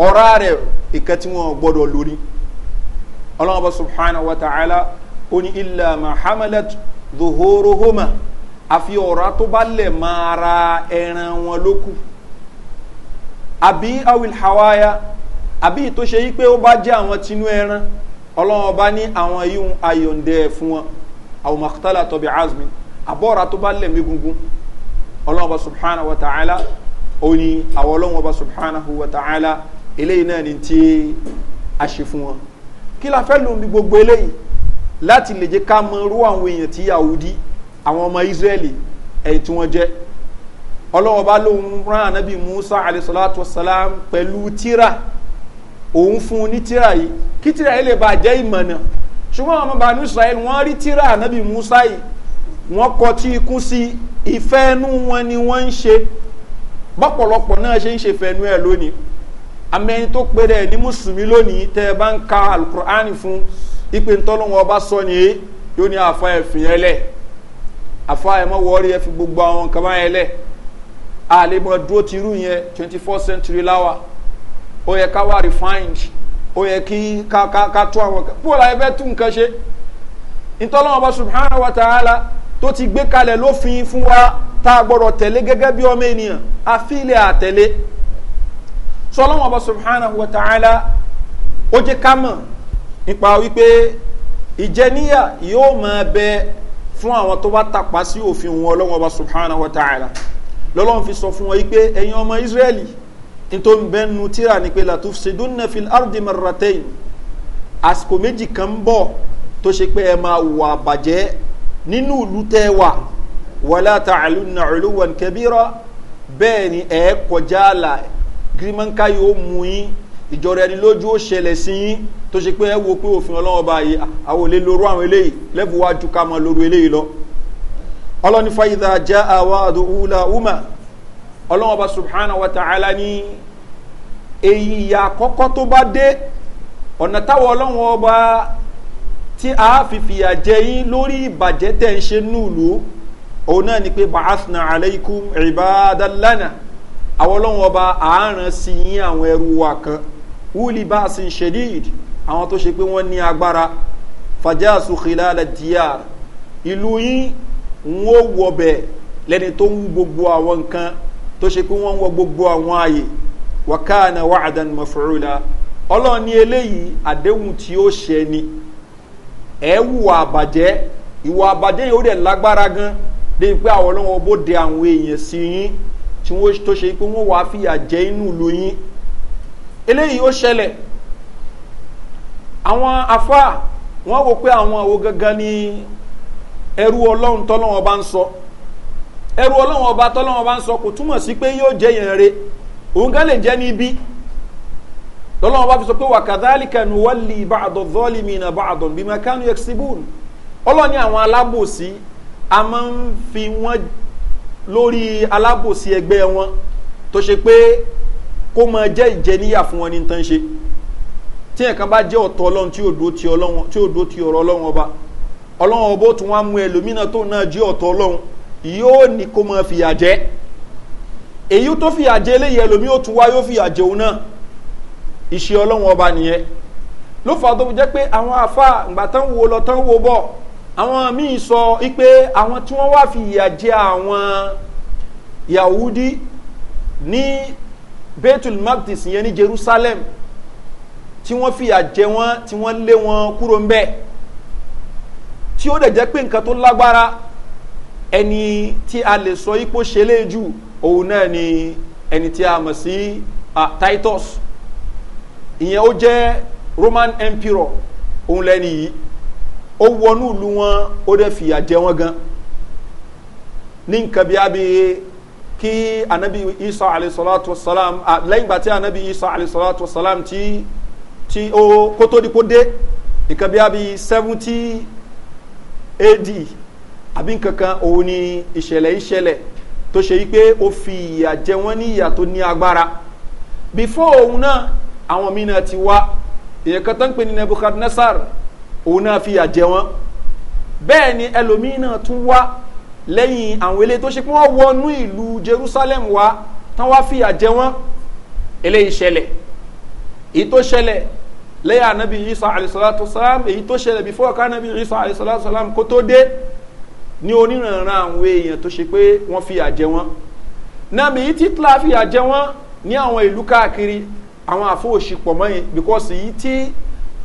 Speaker 1: ọ̀rá rẹ̀ ìkan tí wọn gbọ́dọ̀ lórí ọlọ́run ọba subhanahu wa ta'ala ó ilà mahamadu dhuhuru homa àfi ọ̀rá tó bá lẹ̀ mọ́ ara ẹran wọn ló kù àbí awil hawaya àbí tó ṣe yí pé ó bá jẹ́ àwọn tinú ẹran ọlọ́run ọba ní àwọn yíyún ayọ̀ǹdẹ̀ fún wọn àwọn makitala tọbi azmi àbọ̀ra tó bá lẹ̀ mí gungun ọlọ́run ọba subhana wa ta'ala ó àwọn ọlọ́run ọba subhana wa ta'ala eléyìí náà ní tí a fún wọn kí la fẹ́ lòun gbogbo eléyìí láti lè jẹ́ ká mọ irú àwọn èèyàn tí yahoo àwọn ọmọ israẹli ẹ̀yìn tí wọ́n jẹ́ ọlọ́wọ́ bá lóun rán anabi musa alayhisalatu wasalam pẹ̀lú tíra òun fún un ní tíra yìí kí tíra yìí lè bá jẹ́ ìmọ̀nà ṣùgbọ́n àwọn ọmọbàánú israẹli wọ́n rí tíra anabi musa yìí wọ́n kọ tí ikú sí ìfẹ́ ẹnu wọn ni wọ́n ń ṣe bọ́pọ̀lọpọ̀ náà ṣe ń ṣe fẹ́nu ẹ̀ lónìí amẹ́ni tó péré ní mùsùlùmí lónìí tẹ́ ẹ bá ń ka alukur'ani fún ipe ntọ́lọ́wọ́n ọba sọ ni yóò ní àfa ẹ̀fìn ẹlẹ́ẹ̀ àfa ẹ mọ wọrí ẹ fi gbogbo àwọn nǹkan báyẹn lẹ àlè mọ dúró ti irú yẹn twenty four century láwa ó yẹ ká wá refined ó yẹ kí ká ká ká tó àwọn kan púpọ̀ láyé bẹ́ẹ̀ tún nǹkan ṣe ìtọ́lọ́wọ́n bá subhanahu wa ta'ala tó ti gbé kalẹ̀ lófin fún wa tá a gbọ́dọ̀ tẹ̀lé gẹ́gẹ́ bí ọmọ ènìyàn àfi ilẹ̀ àtẹ̀lé sọlọ́wọ́n bá subhanahu wa ta'ala ó jẹ́ ká mọ̀ nípa wípé ìjẹníyà yóò máa bẹ́ẹ̀ fún àwọn tó bá tapá sí òfin wọn ọlọ́wọ́n ọba subhanahu wa ta'ala lọ́lọ́run fi sọ fún wọn yìí pé ẹ̀yin ọmọ israẹli tó ń bẹnu tíra ni pé latuf sedunna fil ardi marratain àsìkò méjì kan bọ̀ tó ṣe pé ẹ máa wà bàjẹ́ nínú ìlú tẹ́ wà wàlá tààlù nàìlú wọn kẹbíra bẹ́ẹ̀ ni ẹ̀ kọjá àlà gírímọ́ńká yóò ìjọra ẹni lójú ó ṣẹlẹ̀ sí yín tó ṣe pé ẹ wo pé òfin ọlọ́wọ́ báyìí àwọn olè lorú àwọn eléyìí lẹ́bù wájú ká mọ lorú eléyìí lọ ọlọ́ni fàyídà já àwa àdúhùlà uma ọlọ́wọ́ bá subhanahu wa ta'ala ní èyí ìyá àkọ́kọ́ tó bá dé ọ̀nà táwọn ọlọ́wọ́ ọba tí a fi fìyà jẹ yín lórí ìbàjẹ́ tẹ̀ ń ṣe núùlù òun náà ni pé bàásùnà aleikum ìbádàlánà àwọn ọlọ́wọ́ ọba àárán sí yín àwọn ẹrú wa kan wúlì bá a sì ń ṣe díìd àwọn tó ṣe pé wọ́n ní agbára fàjá sùkìlá lẹ́díyà ìlú yín wọ́n wọ̀bẹ̀ lẹ́ni tó ń wú gbogbo àwọn nǹkan tó ṣe pé wọ́n wọ gbogbo àwọn ààyè wàkàna wàdàn mọ̀fúrúlá ọlọ́run ní eléyìí àdéhùn tí ó ṣe ni ẹ̀ wùwà àbàjẹ́ ìwà àbàjẹ́ yìí ó dẹ̀ lágbára gan dé pé àwọn ọlọ́run bó de àwọn èèyàn sí yín tí wọ́n tó ṣe pé wọ́n wàá fìyà jẹ́ inú ìlú yín eléyìí ó ṣẹlẹ̀ àwọn afa wọn wò pé àwọn àwo gangan ni ẹrú ọlọ́run tọ́lọ́wọ́n bá ń sọ ẹrú ọlọ́run ọba tọ́lọ́wọ́n bá ń sọ kò túmọ̀ sí pé yóò jẹ́ yẹn re fi sọ pé ni wọ́n lè bá zọ́ọ̀lì mi nà bá àdọ̀ bí mẹ́kánú ẹ̀kṣibúùn ọlọ́ni àwọn alábòsí a máa ń fi wọ́n lórí alábòsí ẹgbẹ́ wọn tó ṣe pé kó máa jẹ́ ìjẹníyà fún wọn ní tán ṣe tí ẹ̀kan bá jẹ́ ọ̀tọ̀ ọlọ́run tí òdo ti ọ̀rọ̀ ọlọ́run ọba ọlọ́run ọba ó tún wá mú ẹlòmínà tó náà jẹ́ ọ̀tọ̀ ọlọ́run yóò ní kó máa fìyà jẹ́ èyí tó fìyà jẹ́ eléyìí ẹlòmí ó tún wá yóò fìyà jẹ́ òun náà iṣẹ́ ọlọ́run ọba nìyẹn ló fà tó jẹ́ pé àwọn àfa ìgbà tán wo lọ tán wo bọ̀ àwọn míì sọ pé àwọn tí wọ́n wá fìyà jẹ́ àwọn yahudi ní bethel magdis yẹn ní jerusalem tí wọ́n fìyà jẹ wọ́n tí wọ́n lé wọn kúrò ń bẹ́ẹ̀ tí ó dẹ̀ jẹ́ pé nǹkan tó lágbára ẹni tí a lè sọ ipò ṣẹlẹ̀ jù òun náà ni ẹni tí a mọ̀ sí titus ìyẹn ó jẹ́ roman emperor òun lẹ́ni yìí ó wọnú ìlú wọn ó dẹ̀ fìyà jẹ wọn gan ní nǹkan bí abẹ́ kí anabi isa alayhisalatu wasalam lẹ́yìn gbà tí anabi isa alayhisalatu wasalam tí tí ó kótó dípò dé nǹkan bí abi seventy ad àbí nkankan òun ni ìṣẹ̀lẹ̀ ìṣẹ̀lẹ̀ tó ṣe yí pé ó fi ìyà jẹ wọ́n ní ìyà tó ní agbára before òun náà àwọn míì náà ti wá èyàn kan tó ń pè ní nebuchadnezzar òun náà fi ìyà jẹ wọ́n bẹ́ẹ̀ ni ẹlòmíì náà tún wá lẹ́yìn àwọn ilé tó ṣe pé wọ́n wọnú ìlú jerusalem wá tán wá fìyà jẹ wọ́n eléyìí ṣẹlẹ̀ èyí tó ṣẹlẹ̀ lẹ́yìn anabi isa alayhisalatu salam èyí tó ṣẹlẹ̀ bí fọ́ọ̀ká anabi isa alayhisalatu salam kó tó dé ní oníranran àwọn èèyàn tó ṣe pé wọ́n fìyà jẹ wọ́n nàbí èyí tí tla fìyà jẹ wọ́n ní àwọn ìlú káàkiri àwọn àfọwọ́sipọ̀ mọ́yìn because èyí tí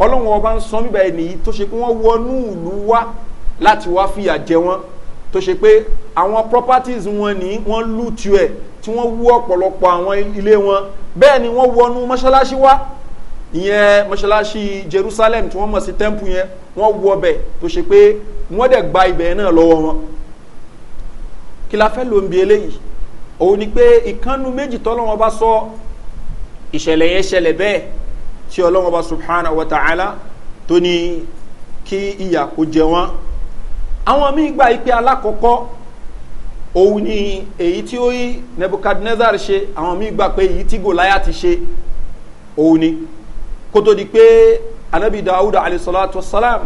Speaker 1: ọlọ́wọ́n ọba ń sọ bíbá ẹ̀ nìyí tó ṣe pé wọ́n wọnú ìlú wá láti wá fìyà jẹ wọ́n tó ṣe pé àwọn properties wọn ni wọ́n lù tu ẹ̀ tí wọ́n wú ọ̀pọ̀lọpọ̀ àwọn ilé wọn bẹ́ẹ̀ ni wọ́n wọnú mọ́ṣáláṣí wá ìyẹn mọ́ṣáláṣí jerusalem tí wọ́n mọ̀ sí temple yẹn wọ́n wọ ọbẹ̀ tó ṣe pé wọ́n dẹ̀ gba ibẹ̀ náà lọ́wọ́ wọn kí la fẹ́ ló ń bi eléyìí òun ni pé ìkànnù méjì tọ́lọ́wọ́n bá sọ ìṣẹ̀lẹ̀ yẹn ṣẹlẹ̀ bẹ́ẹ̀ tí ọlọ́wọ́n bá subhanahu wa ta'ala tó ní kí ìyà kò jẹ wọ́n àwọn míì gba ipe alákọ̀ọ́kọ́ òun ni èyí tí ó yí nebuchadnezzar ṣe àwọn míì gba pé èyí tí gòláyà ti ṣe òun ni kó tó di pé anabi dawud alayhisalatu wasalam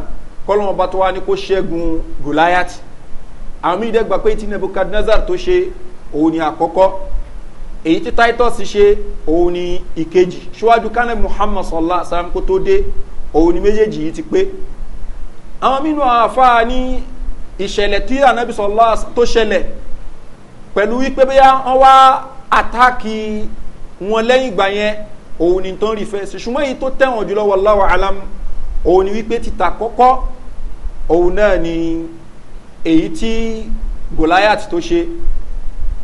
Speaker 1: kọ́lọ́mọ bá tó wá ní kó ṣẹ́gun gòláyà ti àwọn míì dẹ́gba pé tí nebuchadnezzar tó ṣe òun ni àkọ́kọ́ èyí tí titus ṣe òun ni ìkejì ṣíwájú kánẹ muhammad sallallahu alayhi wa sallam kó tó dé òun ni méjèèjì yìí ti pé àwọn mínú àfáà ní ìṣẹ̀lẹ̀ tí anabi sọlá tó ṣẹlẹ̀ pẹ̀lú wípé bóyá wọ́n wá àtàkì wọn lẹ́yìn ìgbà yẹn òun ni tó ń rí fẹ́ sí ṣùgbọ́n èyí tó tẹ̀wọ̀n jùlọ wọ láwọ̀ alam òun ni wípé títà kọ́kọ́ òun náà ni èyí tí goliath tó ṣe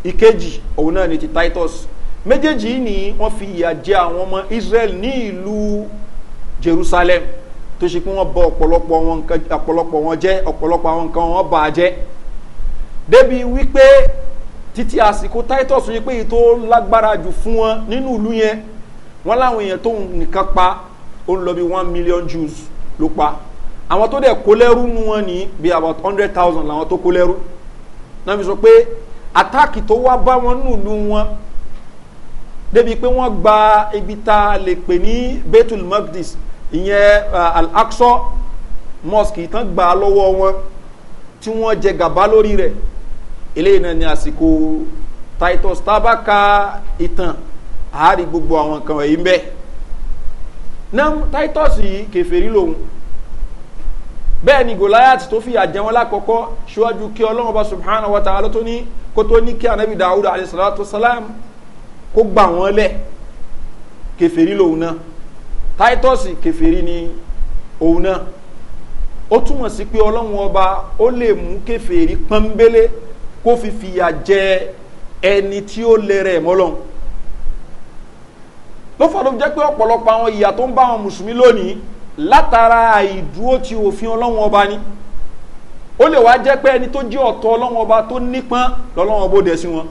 Speaker 1: ìkejì òun náà ni ti titus méjèèjì ni wọ́n fi ìyà jẹ àwọn ọmọ israel ní ìlú jerusalem tó ṣe pé wọ́n bọ ọ̀pọ̀lọpọ̀ wọn jẹ́ ọ̀pọ̀lọpọ̀ àwọn nǹkan wọn bà á jẹ́ débi wípé títí àsìkò titus yìí pé ètò lágbára jù fún wọn nínú ìlú yẹn wọn láwọn èèyàn tó nìkan pa ó ń lọ bí one million jews ló pa àwọn tó dẹ̀ kó lẹ́rú nu wọn ní bí about hundred thousand làwọn tó kó lẹ́rú náà fi sọ pé àtàkì tó wá bá wọn nù lù wọn débi pé wọ́n gba ibi tá lè pè ní bethel magdis ìyẹn al-aqsa mosque tán gbà lọ́wọ́ wọn tí wọ́n jẹ gàba lórí rẹ̀ eléyìí náà ni àsìkò titus tabaka ìtàn àárí gbogbo àwọn nǹkan wọ̀nyí ń bẹ́ náà titus yìí kẹfẹ́rí lòun bẹ́ẹ̀ ni goliath tó fi àjẹwọn lákọ̀ọ́kọ́ ṣíwájú kí ọlọ́run bá subhana wa ta'ala tó ní kó tó ní kí anabi dawud alayhi salatu salam kó gbà wọ́n lẹ̀ kẹfẹ́rí lòun náà titus kẹfẹ́rí ni òun náà ó túmọ̀ sí pé ọlọ́run ọba ó lè mú kẹfẹ́rí pọ́nbélé kó fi fìyà jẹ ẹni tí ó lè rẹ̀ mọ́lọ́run ló fọdún jẹ́ pé ọ̀pọ̀lọpọ̀ àwọn ìyà tó ń bá àwọn mùsùlùmí lónìí látara àìdúró ti òfin ọlọ́run ọba ni ó lè wá jẹ́ pé ẹni tó jẹ́ ọ̀tọ̀ ọlọ́run ọba tó nípọn lọ́lọ́run ọba sí wọn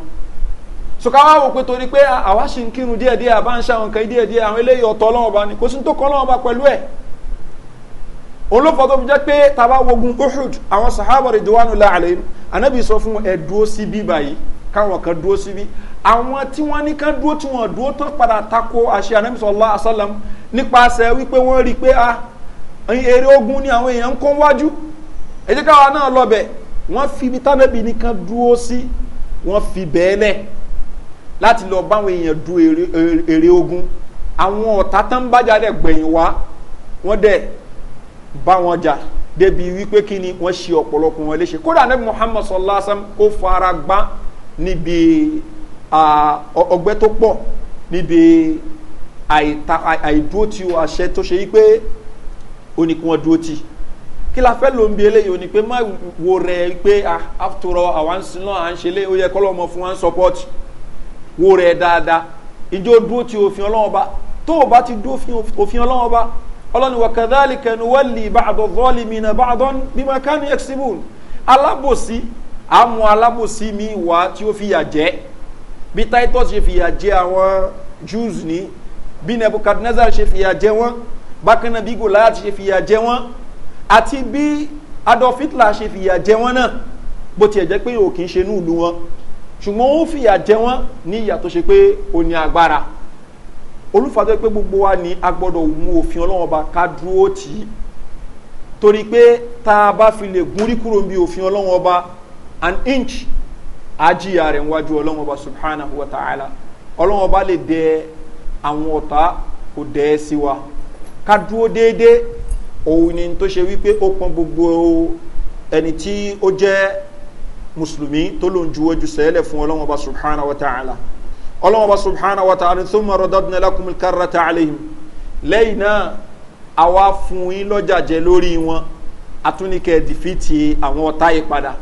Speaker 1: so ká wá wò pé torí pé àwa ṣì ń kírun díẹ̀ díẹ̀ àbá ń ṣàwọn nǹkan díẹ̀ díẹ̀ àwọn eléyìí ọ̀tọ̀ ọlọ́wọ́n bá ní kò sí tó kọ́ ọlọ́wọ́n bá pẹ̀lú ẹ̀ òun tó fi jẹ́ pé tàbá wogun uhud àwọn sahaba ridwanu la alayhim anabi sọ fún ẹ dúró sí bí báyìí káwọn kan dúró sí bí àwọn tí wọ́n ní kan dúró tí wọ́n dúró tán padà tako àṣẹ anabi sọlá asálàm nípasẹ̀ wípé wọ́n rí i pé ah eré ogun ni àwọn èèyàn ń kó wájú ẹ káwa náà lọ bẹ̀ wọ́n fi ibi tánàbì nìkan dúró sí wọ́n fi bẹ́ẹ̀ lẹ̀ láti lọ báwọn èèyàn du èrè ogun àwọn ọ̀tá tán bájà dẹ̀ gbẹ̀yìn wá wọ́n dẹ̀ bá wọn jà débi wípé kí ni wọ́n ṣe ọ̀pọ̀lọpọ̀ wọn léṣe kódà anabi muhammad sallallahu sallam ó fara gbá níbi ọgbẹ́ tó pọ̀ níbi àìdúró tí o àṣẹ tó ṣe wípé ó ní kí wọ́n dúró tì kí la fẹ́ ló ń bi eléyìí ó ní pé má wo rẹ̀ pé ah, after all àwọn sinú à ń ṣe lé ó yẹ kọ́lọ́ ọmọ fún wa ń support wo rẹ̀ dáadáa ìjọ dúró ti òfin ọlọ́wọ́n bá tó o bá ti dúró òfin ọlọ́wọ́n bá ọlọ́ni wàkàdálì kẹnu wọ́lì bàdọ̀ zọ́ọ̀lì mìíràn bàdọ̀ bímọ kánú ẹ̀sìbùn alábòsí àmọ́ alábòsí mi wà tí ó fìyà jẹ́ bí titus ṣe fìyà jẹ́ àwọn jews ní bí nebuchadnezzar ṣe fìyà jẹ́ wọ́n bákan bí goliath ṣe fìyà jẹ́ wọ́n àti bí adolf hitler ṣe fìyà jẹ́ wọ́n náà bó tiẹ̀ jẹ́ pé òkè ń ṣe ní ìlú wọn ṣùgbọ́n ó fìyà jẹ wọ́n ní ìyà tó ṣe pé ó ní agbára olùfà gbogbo wa ní agbọ́dọ̀ mú òfin ọlọ́run ọba ká dúró tì í torí fi lè kúrò bí òfin an inch ajíyà rẹ̀ níwájú ọlọ́run ọba subhanahu wa ta'ala ọlọ́run ọba lè dẹ àwọn ọ̀tá kò wa ká dúró déédéé òun ni tó ṣe gbogbo ẹni tí ó mùsùlùmí tó ló ń juwọ́ ju sẹ́lẹ̀ fún ọlọ́wọ́n ọba subhana wa ta'ala ọlọ́wọ́n ọba subhana wa ta'ala tó mọ̀ rọ́dọ́dún ẹlẹ́kùnmí kára ta'ala yìí lẹ́yìn náà àwa fún yín lọ́jà jẹ lórí wọn atúnikẹ́ dìfìtì àwọn ọ̀tá yìí padà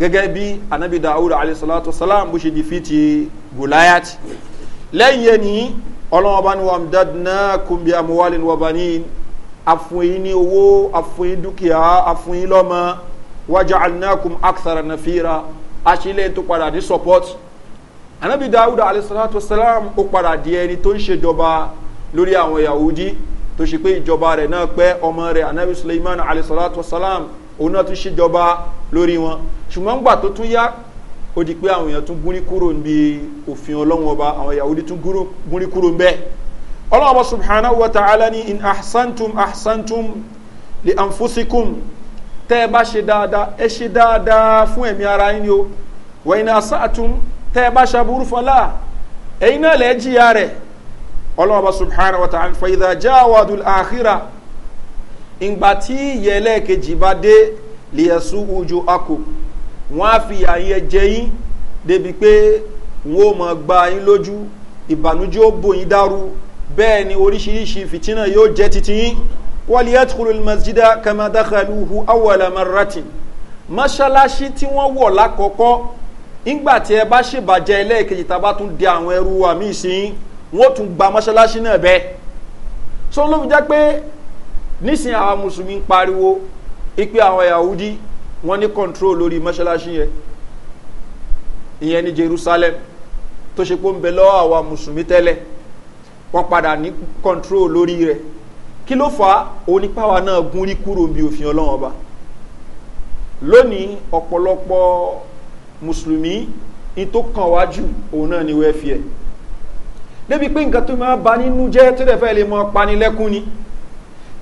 Speaker 1: gẹ́gẹ́ bí anabi dawud alayhi salatu salam bó ṣe dìfìtì goliath lẹ́yìn ẹni ọlọ́wọ́n bá ní wàá dáná kùnbi àmúwálẹ̀ wàbáníyìn àfún yín ní owó àfún yín dúkìá àfún yín lọ́mọ wájà alinakum akthara nafira aṣílẹ̀ tó padà ní support anabi dawud alayhisalatu salam ó padà di ẹni tó ń ṣèjọba lórí àwọn yahudi tó ṣe pé ìjọba rẹ̀ náà pẹ́ ọmọ rẹ̀ anabi suleiman alayhisalatu salam òun náà tún ṣèjọba lórí wọn ṣùgbọ́n gbà tó tún yá ó di pé àwọn èèyàn tún gúnrí kúrò níbi òfin ọlọ́run ọba àwọn yahudi tún gúnrí kúrò ń bẹ́ẹ̀ ọlọ́run ọba subhanahu wa ta'ala ni in ahsantum ahsantum li anfusikum tẹ́ ẹ bá ṣe dáadáa ẹ ṣe dáadáa fún ẹ̀mí ara yín ni o wẹ̀yìn asáàtún tẹ́ ẹ bá ṣàbúrú fọlá ẹ̀yin náà lẹ́ jìyà rẹ̀ ọlọ́ọ̀bá subhanahu wa ta'ala fàyídà jáwádùn àhírà ìgbà tí ìyẹlẹ́ kejì bá dé lìyẹ̀sù ojú akọ wọn á fi àyè jẹ yín débi pé wọn ò mọ̀ gba yín lójú ìbànújẹ́ ó bò yín dárú bẹ́ẹ̀ ni oríṣiríṣi fìtínà yóò jẹ́ titi yín wàlíyàtúkúrò masjidá kàmádàkàlùhù awàlámàrátì mọ́ṣáláṣí tí wọ́n wọ̀ lákọ̀ọ́kọ́ ńgbà tí ẹ bá ṣèbàjẹ́ ẹlẹ́ẹ̀kejì tá a bá tún di àwọn ẹrú wa míì sí wọ́n tún gba mọ́ṣáláṣí náà bẹ́ẹ̀ so ló fi jẹ́ pé nísìnyí àwọn mùsùlùmí ń pariwo ipe àwọn yahudi wọ́n ní control lórí mọ́ṣáláṣí yẹn ìyẹn ní jerusalem tó ṣe pé ń bẹ lọ́wọ́ àwọn mùsùlùmí tẹ́lẹ̀ wọ́n padà ní control lórí rẹ̀ kí ló fà á onípáwa náà gún rí kúrò bí òfin ọlọ́wọ́n ọba lónìí ọ̀pọ̀lọpọ̀ mùsùlùmí in tó kàn wájú òun náà ni wẹ́ẹ́fì ẹ̀ débi pé nǹkan tó máa ba nínú jẹ́ tó dẹ̀ fẹ́ lè mọ panilẹ́kún ni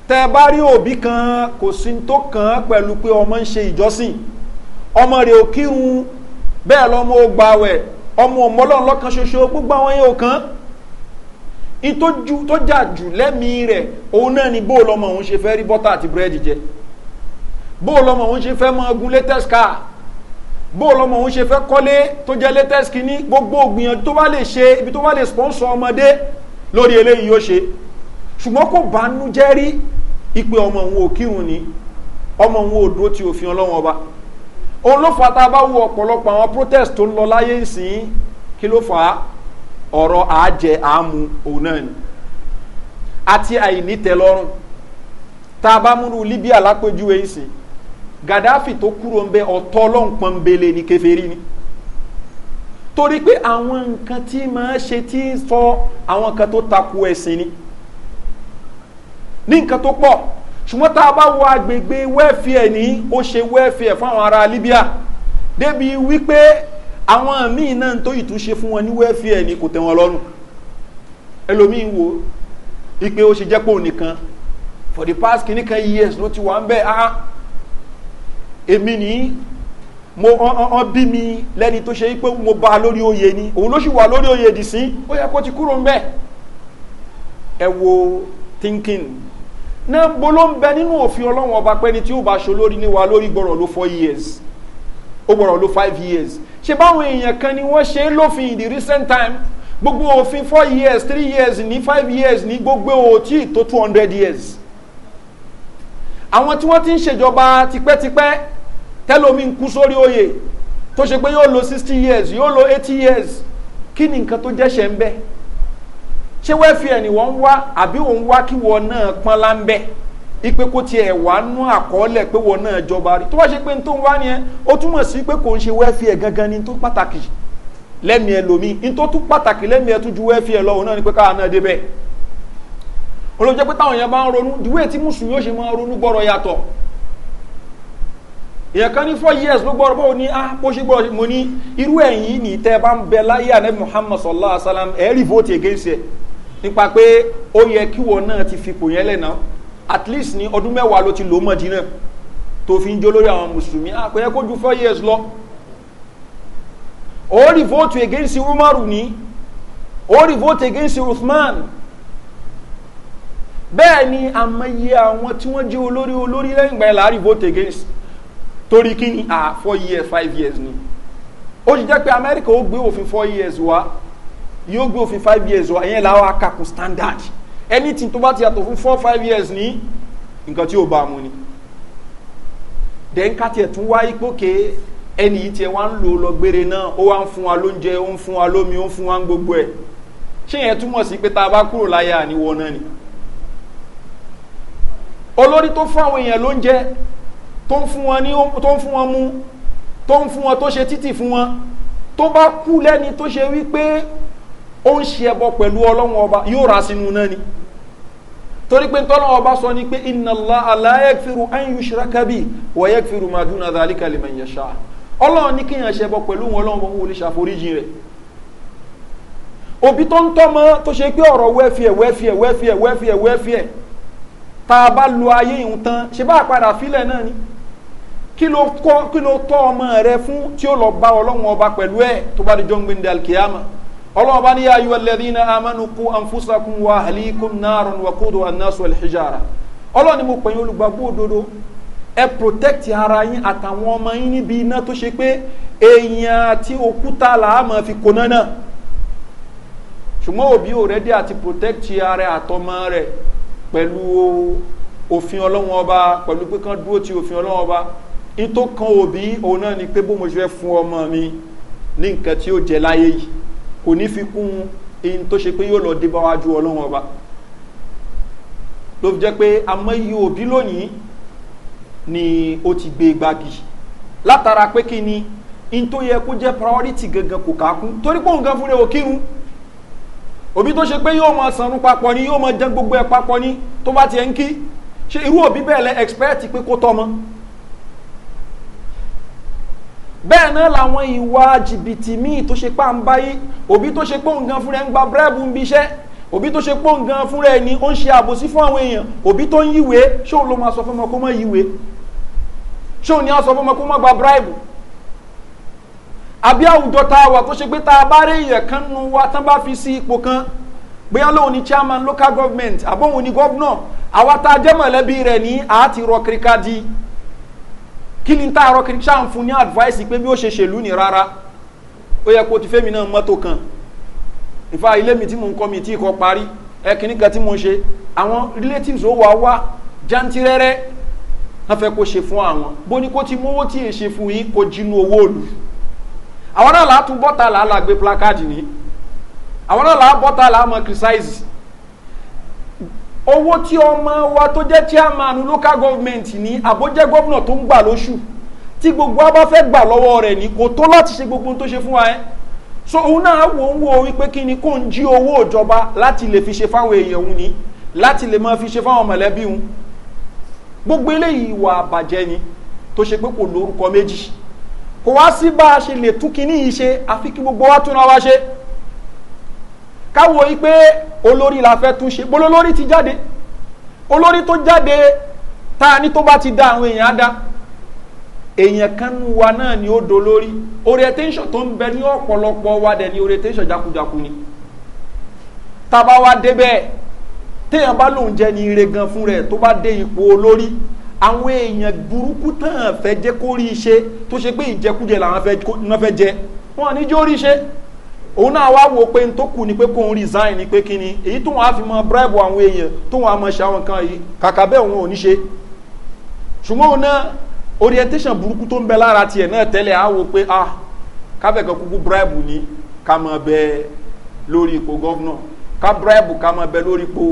Speaker 1: tẹ bá rí òbí kan kò sí tó kàn án pẹ̀lú pé ọmọ ń ṣe ìjọsìn ọmọ rẹ̀ ò kírun bẹ́ẹ̀ lọ́mọ ó gbawẹ̀ ọmọ ọmọlọ́run ṣoṣo gbogbo àwọn yẹn ò kàn án ìtọ́jú tó jà jù lẹ́mìí rẹ̀ òun náà ni bó lọ́mọ òun ṣe fẹ́ rí bọ́tà àti búrẹ́dì jẹ bó lọ́mọ òun ṣe fẹ́ mọ ogun latest car bó lọ́mọ òun ṣe fẹ́ kọ́lé tó jẹ́ latest kìíní gbogbo ògbìyànjú tó bá lè ṣe ibi tó bá lè sponsor ọmọdé lórí eléyìí yóò ṣe ṣùgbọ́n kò bá nú jẹ́ rí ipe ọmọ òun ò kírun ni ọmọ òun ò dúró ti òfin ọlọ́wọ́n ọba òun ló fà tá bá wo ọ̀pọ̀lọpọ̀ àwọn protest tó ń lọ láyé ìsìn kí ló fà á ọ̀rọ̀ àájẹ àámu òun náà ni àti àìnítẹ̀lọ́rùn tá a bá múnú libya lápéjúwe ń sìn gaddafi tó kúrò ń bẹ ọ̀tọ́ ọlọ́ǹpọ̀n ni kẹfẹ́rí ni torí pé àwọn nǹkan tí máa ṣe tí ń sọ àwọn nǹkan tó takò ẹ̀sìn ni ní nǹkan tó pọ̀ ṣùgbọ́n tá a bá wo agbègbè wẹ́ẹ̀fì ẹ̀ ní ó ṣe wẹ́ẹ̀fì ẹ̀ fún àwọn ará libya débi wípé àwọn míì náà tó yìí tún ṣe fún wọn ní wẹ́fíẹ̀ ni kò tẹ wọn lọ́rùn ẹlòmíì wo ipe ó ṣe jẹ́ pò nìkan for the past kìíní kan years ló ti wà ń bẹ́ ah èmi ní mo ọ̀n bí mi lẹ́ni tó ṣe pé mo bá lórí oyè ni òun ló sì wà lórí oyè dì sí ó yẹ kó ti kúrò ń bẹ́ ẹ wo thinking náà bó ló ń bẹ nínú òfin ọlọ́wọ́n ọba pẹ́ni tí ó bá ṣe olórí ní wa lórí gbọ́rọ̀ ló four years ó gbọ́dọ̀ lo five years ṣe báwọn èèyàn kan ni wọ́n ṣe é lófin in the recent time gbogbo òfin four years three years ní five years ní gbogbo òtí tó two hundred years àwọn tí wọ́n ti ń ṣèjọba tipẹ́tipẹ́ tẹ́lómi ń kú sórí oyè tó ṣe pé yóò lo sixty years yóò lo eighty years kí ni nǹkan tó jẹ́ṣẹ̀ ń bẹ́ ṣé wẹ́ẹ̀fì ẹ̀ ni wọ́n ń wá àbí òun wá kí wọ́n náà pọ́n lá ipe kó tiẹ̀ wá nú àkọọ́lẹ̀ pé wọn náà jọba rí tó bá ṣe pé tó ń wá ni ẹ ó túmọ̀ sí pé kò ń ṣe wẹ́fì ẹ̀ gangan ni tó pàtàkì lẹ́mìí ẹ lòmí ní tó tún pàtàkì lẹ́mìí ẹ tún ju wẹ́fì ẹ lọ́wọ́ náà ni pé káà náà débẹ̀ olóòjẹ́ pé táwọn èèyàn bá ń ronú ìwé tí mùsùlùmí ó ṣe máa ronú gbọ́rọ̀ yàtọ̀ ni ah bó ṣe gbọ́rọ̀ mo ní irú muhammad ẹ̀ẹ́rì vote against nípa pé ó yẹ kí ti fipò yẹn at least ní ọdún mẹ́wàá ló ti lò mọ̀dínà tó fi ń jó lórí àwọn mùsùlùmí àpẹẹrẹ ah, kó ju four years lọ ó rí vote against umaru ní ó rí vote against uthman bẹ́ẹ̀ ni àmọye àwọn tí wọ́n jẹ́ olórí olórí lẹ́yìn ìgbà yẹn vote against torí kí ni à ah, four years five years ni ó ti jẹ́ pé amẹ́ríkà ó gbé òfin four years wá yóò gbé òfin five years wá ìyẹn làwọn akakùn standard anything tó bá ti yàtọ̀ fún four five years ní nǹkan tí ó bá mu ni then ká tiẹ̀ tún wá ipòkè ẹni yìí tiẹ̀ wá ń lò lọ́gbére náà ó wá ń fún wa lóúnjẹ ó ń fún wa lómi ó ń fún wa ń gbogbo ẹ̀ ṣé yẹn túmọ̀ sí pé tá a bá kúrò láyé àníwọ̀ náà ni olórí tó fún àwọn èèyàn lóúnjẹ tó ń fún wọn ní tó ń fún wọn mú tó ń fún wọn tó ṣe títì fún wọn tó bá kú lẹ́ni tó ṣe wípé ó ń ṣe ẹbọ pẹ̀lú ọlọ́run ọba yóò ra sínú náà ni torí pé tọ́lọ́run ọba sọ ni pé iná aláyẹ̀kfìrù ayélu ṣìrákàbí wọ̀yẹ̀kfìrù maduna dàlíkà lè mẹ̀yẹ̀ ṣá ọlọ́run ní kíyàn ṣẹbọ pẹ̀lú ọlọ́run ọba wọlé ṣàforíjì rẹ̀ òbí tó ń tọ́mọ tó ṣe pé ọ̀rọ̀ wẹ́fìẹ̀ wẹ́fìẹ̀ wẹ́fìẹ̀ wẹ́fìẹ̀ wẹ́fìẹ̀ tá a bá lo ayé ìhun tán ṣe bá àpadà fílẹ̀ náà ni kí ló kọ́ kí ló tọ́ ọmọ rẹ fún tí ó lọ bá ọlọ́run ọba pẹ̀lú ẹ̀ tó bá di jọ́ ń gbé ní dalkiyama ọlọ́wọ́ bá ní yáyí wàlẹ́dí na amánu kú anfúsakun wa àlíkún náàrùn wa kódò anáṣọ alhijara ọlọ́wọ́ ni mo pẹ̀yìn olùgbàgbọ́ òdodo ẹ protect ara yín àtàwọn ọmọ yín níbi iná tó ṣe pé èèyàn àti òkúta làámọ̀ fi kò náà ṣùgbọ́n òbí ò àti protect ara àtọmọ rẹ̀ pẹ̀lú òfin ọlọ́wọ́n ọba pẹ̀lú pé kán dúró ti òfin ọlọ́wọ́n ọba ní tó kan òbí òun náà ni pé bó mo ṣe fún ọmọ mi ní nǹkan tí ó jẹ láyé yìí kò ní fi kún in tó ṣe pé yóò lọ dé báwájú ọlọ́run ọba ló fi jẹ́ pé amóyí òbí lónìí ni ó ti gbé gbági látara pé kí ni in tó yẹ kó jẹ́ priority gangan kò kákún torí pé òun gan fúnra ò kírun òbí tó ṣe pé yóò mọ sanrun papọ̀ ni yóò mọ jẹ́ gbogbo ẹ̀ papọ̀ ni tó bá tiẹ̀ ń kí ṣe irú òbí bẹ́ẹ̀ lẹ expect pé kó tọ́ mọ́ bẹ́ẹ̀ náà làwọn ìwà jìbìtì míì tó ṣe pá ń báyé òbí tó ṣe pé òun gan fúnra ń gba búrẹ́bù ń bí iṣẹ́ òbí tó ṣe pé òun fúnra ẹ̀ ni ó ń ṣe àbòsí fún àwọn èèyàn òbí tó ń yíwé ṣé òun ló máa sọ fún ọmọ kó mọ̀ yíwé ṣé òun ni a sọ fún ọmọ kó mọ̀ gba búrẹ́bù àbí àwùjọ tá a wà tó ṣe pé tá bá rí èèyàn kan nu wa tán bá fi sí ipò kan bóyá lóun ni chairman local government àbóhun ni governor àwa tá a jẹ́ mọ̀lẹ́bí rẹ̀ ní àá ti rọ kíríkà di kí ni táàrọ̀ kí fún ní advice pé bí ó ṣe ṣèlú ni rárá ó yẹ kó ti fẹ́mi náà mọ́tò kan ìfà ilé mi tí mo ń kọ́ mi tí kò parí ẹkìnní kan tí mo ń ṣe àwọn relatives ó wà wá jantirẹ́rẹ́ wọ́n fẹ́ kó ṣe fún àwọn bó ni kó ti mówó tí èṣe fún yín kó jinú owó òlù àwọn náà látún bọ́tà làálàá gbé placard ní àwọn náà làá bọ́tà làá mọ criticize owó tí ọmọ wa tó jẹ́ chairman local government ní àbójẹ́ gómìnà tó ń gbà lóṣù tí gbogbo wa bá fẹ́ gbà lọ́wọ́ rẹ̀ ní kò tó láti ṣe gbogbo tó ṣe fún wa ẹ́ so òun náà wò ń wo wípé kí ni kò ń jí owó ìjọba láti lè fi ṣe fáwọn èèyàn òun ní láti lè máa fi ṣe fáwọn mọ̀lẹ́bí òun gbogbo eléyìí ìwà àbàjẹ́ ni tó ṣe pé kò lórúkọ méjì kò wá sí bá a ṣe lè tún kinní yìí ṣe àfi kí gbogbo wa túnra wa ṣe káwo yí pé olórí la fẹ́ tún ṣe bolo olórí ti jáde olórí tó jáde tá a tó bá ti da àwọn èèyàn á dá èèyàn kan wa náà ni ó do lórí orientation tó ń bẹ ní ọ̀pọ̀lọpọ̀ wa dẹ̀ ni orientation jákujáku ni tába wa débẹ̀ téèyàn bá lòun jẹ́ ni ire gan fún rẹ̀ tó bá dé ipò olórí àwọn èèyàn burúkú tán fẹ́ jẹ́ kó rí tó ṣe pé ìjẹkújẹ làwọn fẹ́ jẹ wọ́n ní jó rí iṣẹ́ òun náà wá wo pé tó kù ni pé kò ń resign ni pé kí ni èyí tó wọn á fi mọ bribe àwọn èèyàn tó wọn á mọ ṣe àwọn nǹkan yìí kàkà bẹ́ẹ̀ òun ò ní ṣe ṣùgbọ́n òun náà orientation burúkú tó ń bẹ lára tiẹ̀ náà tẹ́lẹ̀ á wo pé ah káfẹ́ kan kúkú bribe ni ká mọ bẹ lórí ipò gọ́vnà ká bribe ká mọ bẹ lórí ipò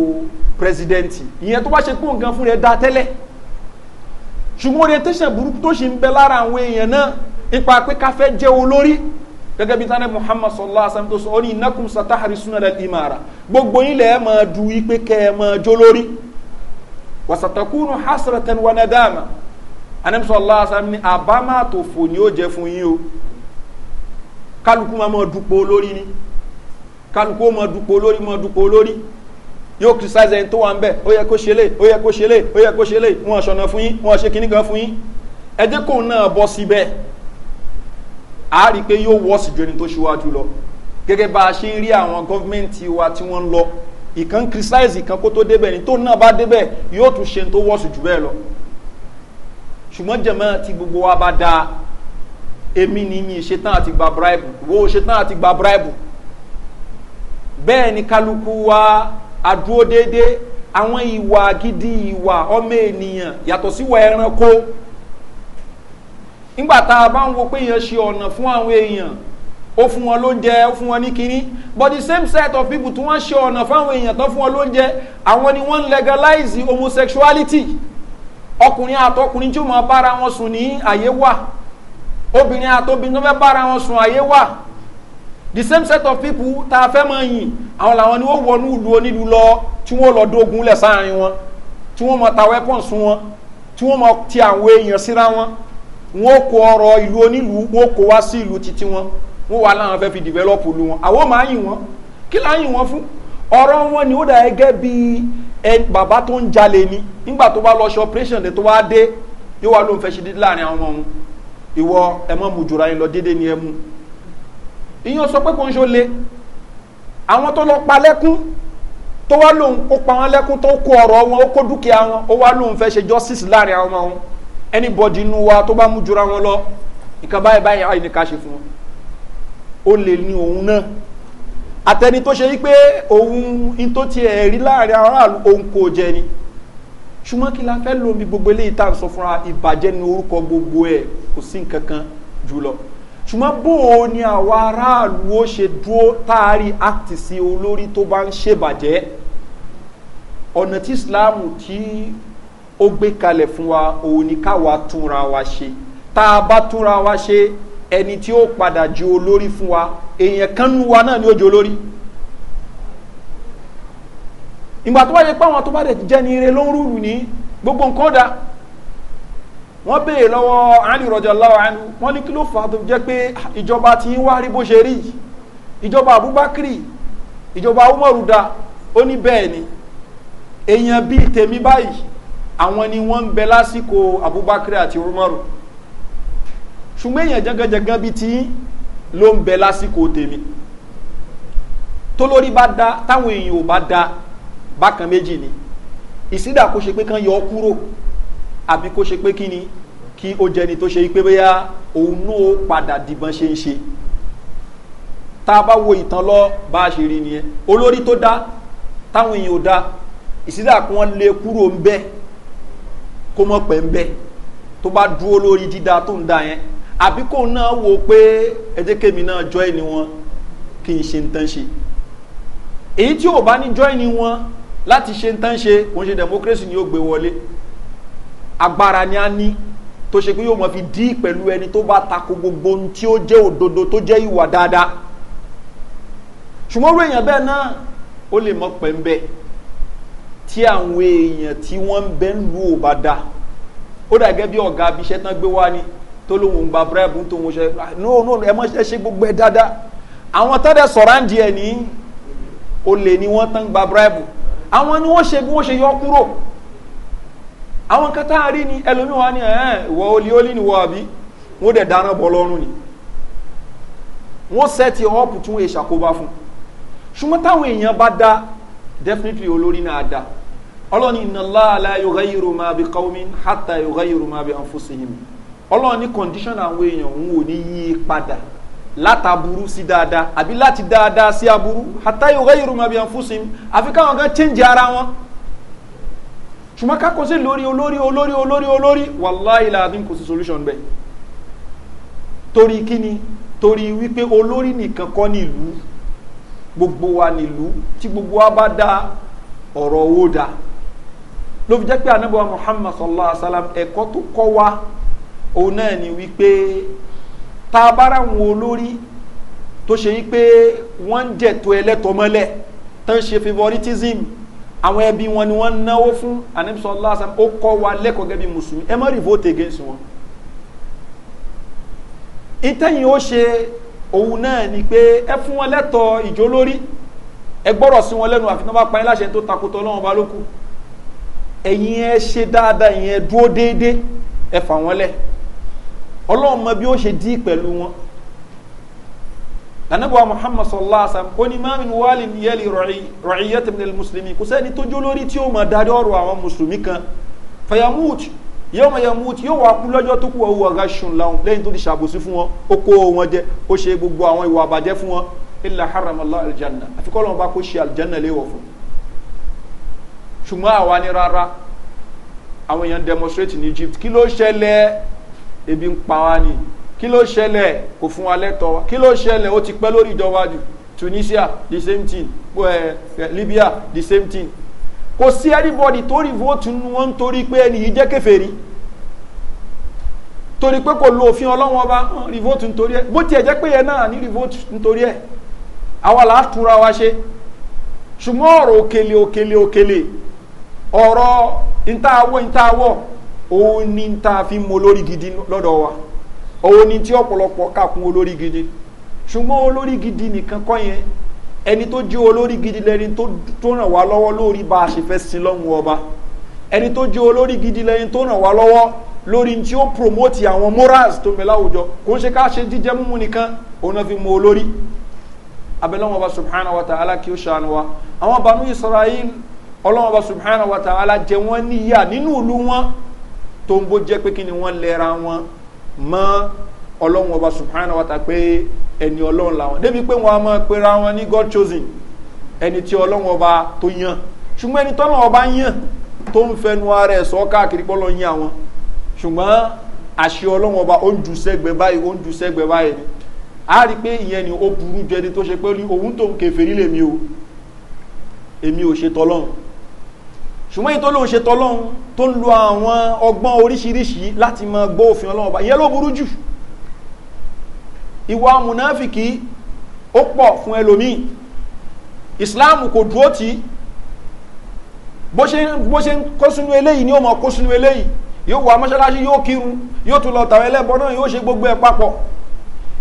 Speaker 1: pírẹsidẹ́ǹtì ìyẹn tó bá ṣe pé òun gan fún rẹ̀ dá tẹ́lẹ̀ ṣùgbọ́n orientation burúkú tó ṣe ń bẹ lára àwọn èèyàn náà ipa pé káfẹ́ jẹ́ olórí gẹ́gẹ́ bí tánẹ́ muhammad sallallahu alaihi wasallam tó sọ ó ní inakum satahari sunan al-imara gbogbo yín lẹ̀ ẹ́ máa du ipe kẹ́ ẹ máa jó lórí wasatakunu hasratan wa nadama anam sallallahu alaihi wasallam ni àbámà àtòfò ni ó jẹ fún yín o kálukú máa máa dupò lórí ni kálukú máa dupò lórí máa dupò lórí yóò criticize ẹni tó wà ń bẹ̀ ó yẹ kó ṣe lé ó yẹ kó ṣe lé ó yẹ kó ṣe lé wọn ṣọ̀nà fún yín wọn ṣe kíní gan fún yín ẹ náà bọ́ síbẹ̀ a rí i pé yóò wọ́ọ̀sì ju ẹni tó ṣíwájú lọ gẹ́gẹ́ bá a ṣe ń rí àwọn gọ́fíńmẹ́ǹtì wa tí wọ́n ń lọ ìkan criticize ìkan kó tó débẹ̀ ni tó náà bá débẹ̀ yóò tún ṣe tó wọ́ọ̀sì jù bẹ́ẹ̀ lọ ṣùgbọ́n jẹ̀mọ́ tí gbogbo wa bá dáa èmi ni mi ṣetán àti gba bribe wo ṣetán àti gba bribe bẹ́ẹ̀ ni kálukú wa adúró àwọn ìwà gidi ìwà ọmọ ènìyàn yàtọ̀ síwọ̀ ẹranko nígbà tá a bá ń wo pé èèyàn ṣe ọ̀nà fún àwọn èèyàn ó fún wọn lóúnjẹ ó fún wọn ní kínní but the same set of people tí wọ́n ṣe ọ̀nà fáwọn èèyàn tó fún wọn lóúnjẹ àwọn ni wọ́n legalize homosexuality ọkùnrin àtọkùnrin tí ó máa bára wọn sùn ní àyè wà obìnrin àtobìnrin tó fẹ́ bára wọn sùn àyè wà the same set of people tá a fẹ́ máa yìn àwọn làwọn ni ó wọnú ìlú onílù lọ tí wọ́n lọ dógun lẹ̀ sáàrin wọn tí wọ́n máa ta weapons wọn tí wọ́n máa ti àwọn èèyàn síra wọn wọ́n kó ọrọ̀ ìlú onílùú wọ́n kó wá sí ìlú titi wọn wọ́n wà láwọn fẹ́ fi develop lu wọn àwọn máa yìn wọ́n kí là ń yìn wọ́n fún ọ̀rọ̀ wọn ni ó dà gẹ́gẹ́ bí bàbá tó ń jalè ni nígbà tó bá lọ ṣe operation tó wá dé yóò wá ló ń fẹ́ ṣe dídí láàrin àwọn ọmọ ìwọ ẹ mọ́ mu jùlọ yín lọ déédéé ni ẹ mú ìyẹn sọ pé kò ń ṣe le àwọn tó lọ pa lẹ́kún tó wá lóun ó pa wọn lẹ́kún tó kó ọ̀rọ̀ wọn ó kó dúkìá wọn ó wá lóun fẹ́ ṣe justice láàrin àwọn ọmọ anybody nu wa tó bá mú jura wọn lọ nǹkan báyìí báyìí àyè ní ká ṣe fún wọn ó lè ní òun náà àtẹni tó ṣe yí pé òun in tó ti ẹ̀rí láàrin aráàlú òun kò jẹ ni ṣùgbọ́n kí la fẹ́ lomi gbogbo eléyìí tá à ń sọ fúnra ìbàjẹ́ ni orúkọ gbogbo ẹ̀ kò sí nǹkan kan jùlọ ṣùgbọ́n bó o ní àwọn aráàlú ó ṣe dúró táàrí áàtì sí olórí tó bá ń ṣèbàjẹ́ ọ̀nà tí ìsìláàmù tí ó gbé kalẹ̀ fún wa òun ni káwa túnra wa ṣe tá a bá túnra wa ṣe ẹni tí ó padà ju olórí fún wa èèyàn kan nu wa náà ni ó ju olórí ìgbà tó bá yẹ pé àwọn tó bá dẹ̀ jẹ́ ni ire ló ń rúrù ní gbogbo nǹkan dá wọ́n béèrè lọ́wọ́ ali rọjò aláwọ̀ àánú wọ́n ní kí ló fà á tó jẹ́ pé ìjọba ti ń wá rí bó ṣe rí ìjọba abubakri ìjọba umaru da ó ní bẹ́ẹ̀ ni èèyàn bíi tèmi báyìí àwọn ni wọ́n ń bẹ lásìkò abubakar àti umaru ṣùgbọ́n èèyàn jẹ́gẹ́jẹ́gẹ́ bíi tí ló ń bẹ lásìkò tèmi tó lórí bá da táwọn èèyàn ò bá da bákan méjì ni ìsídà kó ṣe pé kán yọ ọ kúrò àbí kó ṣe pé kí ni kí ó jẹni tó ṣe pé bóyá òun náà padà dìbọn ṣe ń ṣe tá a bá wo ìtàn lọ bá a ṣe rí nìyẹn olórí tó dá táwọn èèyàn ò da ìsídà kí wọ́n lé kúrò ń bẹ́ẹ̀ kó mọ̀ pẹ́ ń bẹ́ tó bá dúró lórí dídá tó ń da yẹn àbí kò náà wo pé ẹ̀jẹ̀kẹ̀mí náà jọ́ ẹni wọn kí n ṣe ń tán ṣe èyí tí ò bá ní jọ́ ẹni wọn láti ṣe ń tán ṣe kò ṣe democracy ni ó gbé wọlé agbára ni a ní tó ṣe pé yóò mọ̀ fi dí pẹ̀lú ẹni tó bá tako gbogbo ohun tí ó jẹ́ òdodo tó jẹ́ ìwà dáadáa ṣùgbọ́n orí èèyàn bẹ́ẹ̀ náà ó lè mọ̀ pẹ́ ń bẹ́ẹ̀ tí àwọn èèyàn tí wọ́n ń bẹ́ ń lu ò bá da ó dà gẹ́gẹ́ bí ọ̀gá abiṣẹ́ tán gbé wá ni tó lóun gba búrẹ́bù tó ń ṣe ah, no no ẹ mọ́ ṣe ṣe gbogbo ẹ dáadáa àwọn tán dẹ̀ sọ̀rọ̀ àǹdí ẹ̀ ní olè ni wọ́n tán gba búrẹ́bù àwọn ni wọ́n ṣe bí wọ́n ṣe yọ kúrò àwọn kan rí ni ẹlòmíì wá ní ẹ̀ẹ́n olè olè ni wọ àbí wọ́n dẹ̀ dáná bọ́ lọ́rùn ni wọ́n sẹ́ẹ̀tì ọ̀pù tí wọ́n ṣàkóbá fún ṣùgbọ́n táwọn èèyàn bá dá definitely olórí náà dáa ọlọ́ni ìnàlá aláyọ̀gáyìrò máa bí kọ́wọ́mí hátà yọ̀gáyìrò máa bí ànfọ́sẹ̀yìn ọlọ́ni kọ́ndíṣọ́nà àwọn èèyàn ń wò ní yí padà látàbúrú sí dáadáa àbí láti dáadáa sí aburú hátà yọ̀gáyìrò máa bí ànfọ́sẹ̀yìn àfi káwọn kan chẹ́ǹjì ara wọn ṣùgbọ́n kákò sí lórí olórí olórí olórí olórí wàláì làdín kò sí solution bẹ́ẹ̀ torí kíni torí wípé olórí nìkan kọ́ nílùú gbogbo wa nílùú tí gbogbo wa bá dá ọ̀rọ̀ owó dáa ló fi jẹ́ pé anábọ̀ muhammad sallallahu alayhi wa sallam ẹ̀kọ́ tó kọ́ wa òun náà ni wípé tá a bára wọn olórí tó ṣe wípé wọ́n ń jẹ̀tọ́ ẹlẹ́tọ́ mọ́lẹ̀ tó ń ṣe favoritism àwọn ẹbí wọn ni wọ́n náwó fún anábọ̀ sallallahu alayhi wa sallam ó kọ́ wa lẹ́kọ̀ọ́ gẹ́gẹ́ bí mùsùlùmí ẹ má rí vote against wọn ìtẹ́yìn ó ṣe òun náà ni pé ẹ fún wọn lẹ́tọ̀ọ́ ìjólórí ẹ gbọ́rọ̀ sí wọn lẹ́nu àfi tí wọ́n bá pa ẹ́ láṣẹ tó takotọ́ ọlọ́run ọba lókù ẹ̀yin ẹ ṣe dáadáa ẹ̀yin ẹ dúró déédéé ẹ fà wọ́n lẹ̀ ọlọ́run mọ bí ó ṣe dí pẹ̀lú wọn anabuwa muhammad sallallahu alaihi wa sallam oni maa min wali yali rɔciyati min muslimi kò sẹ́ni tó jólórí tí ó ma darí ọ̀rọ̀ àwọn mùsùlùmí kan fayamut yóò ma yamut yóò wá kú lọ́jọ́ tó kú ọwọ́ ọ̀gá ṣùn láwọn lẹ́yìn tó ti ṣàbòsí fún wọn ó kó wọn jẹ ó ṣe gbogbo àwọn ìwà àbàjẹ́ fún wọn ilà haram allah aljanna àfikọ́ lọ́wọ́ bá kó ṣe aljanna léwọ̀ fún un ṣùgbọ́n àwa ní rárá àwọn èèyàn demonstrate ní egypt kí ló ṣẹlẹ̀ ebi ń pa wá ni kí ló ṣẹlẹ̀ kò fún wa lẹ́tọ̀ọ́ wa kí ló ṣẹlẹ̀ ó ti pẹ́ lórí ìjọba tunisia the same thing eh, eh, libya the same thing kò sí anybody tó vote nu wọn torí pé ẹni yìí jẹ́ kẹfẹ́rí torí pé kò lo òfin ọlọ́wọ́n ọba rí vote nítorí ẹ bó tiẹ̀ jẹ́ pé yẹn náà ní rí vote nítorí ẹ àwa là á túnra wa ṣe ṣùgbọ́n ọ̀rọ̀ òkèlè òkèlè òkèlè ọ̀rọ̀ ntaawọ́ ntaawọ́ òun ni ta fi mọ olórí gidi lọ́dọ̀ wa òun ni tí ọ̀pọ̀lọpọ̀ kàkún olórí gidi ṣùgbọ́n olórí gidi nìkan kọ́ yẹn ẹni tó jẹ́ olórí gidi lẹ́ni tó ràn wá lọ́wọ́ lórí bá a ṣe fẹ́ sin lọ́hùn ọba ẹni tó jẹ́ olórí gidi lẹ́ni tó ràn wá lọ́wọ́ lórí tí ó promote àwọn morals tó mẹ́ láwùjọ kò ń ṣe ká ṣe jíjẹ múmu nìkan òun náà fi mọ olórí abẹ́lẹ́wọ̀n ọba subhanahu wa ta'ala kí ó ṣàánú wa àwọn banu israel ọlọ́wọ́n bá subhanahu wa ta'ala jẹ wọ́n níyà nínú ìlú wọn tó ń bó jẹ́ pé kí ni wọ́n lẹ́ra wọn mọ́ ọlọ́wọ́n bá subhanahu wa ta'ala pé ẹni ọlọ́run làwọn débi pé wọn a máa pera wọn ní god chosen ẹni tí ọlọ́wọ́n bá tó yàn ṣùgbọ́n ẹni tọ́lọ́wọ́n bá yàn tó ń fẹnu ara ẹ̀ sọ káàkiri pọ́lọ́ yàn àwọn ṣùgbọ́n àṣẹ ọlọ́wọ́n bá ó ń ju sẹ́gbẹ̀ẹ́ báyìí ó ń ju sẹ́gbẹ̀ẹ́ báyìí a rí pé ìyẹn ni ó burú jẹni tó ṣe pé òun tó ń kẹfẹ́ nílẹ̀ mi o èmi ò ṣe tọ́lọ́run ṣùgbọ́n èyí tó lóun ṣe tọ́lọ́hun tó ń lo àwọn ọgbọ́n oríṣiríṣi láti mọ gbọ́ òfin ọlọ́run ọba ìyẹn ló burú jù ìwà mùnáfìkì ó pọ̀ fún ẹlòmíì ìsìláàmù kò dúró tí bó ṣe ń kó sínú eléyìí ni ó mọ̀ kó sínú eléyìí yóò wà mọ́ṣáláṣí yóò kírun yóò tún lọ tàwọn ẹlẹ́bọ náà yóò ṣe gbogbo ẹ̀ papọ̀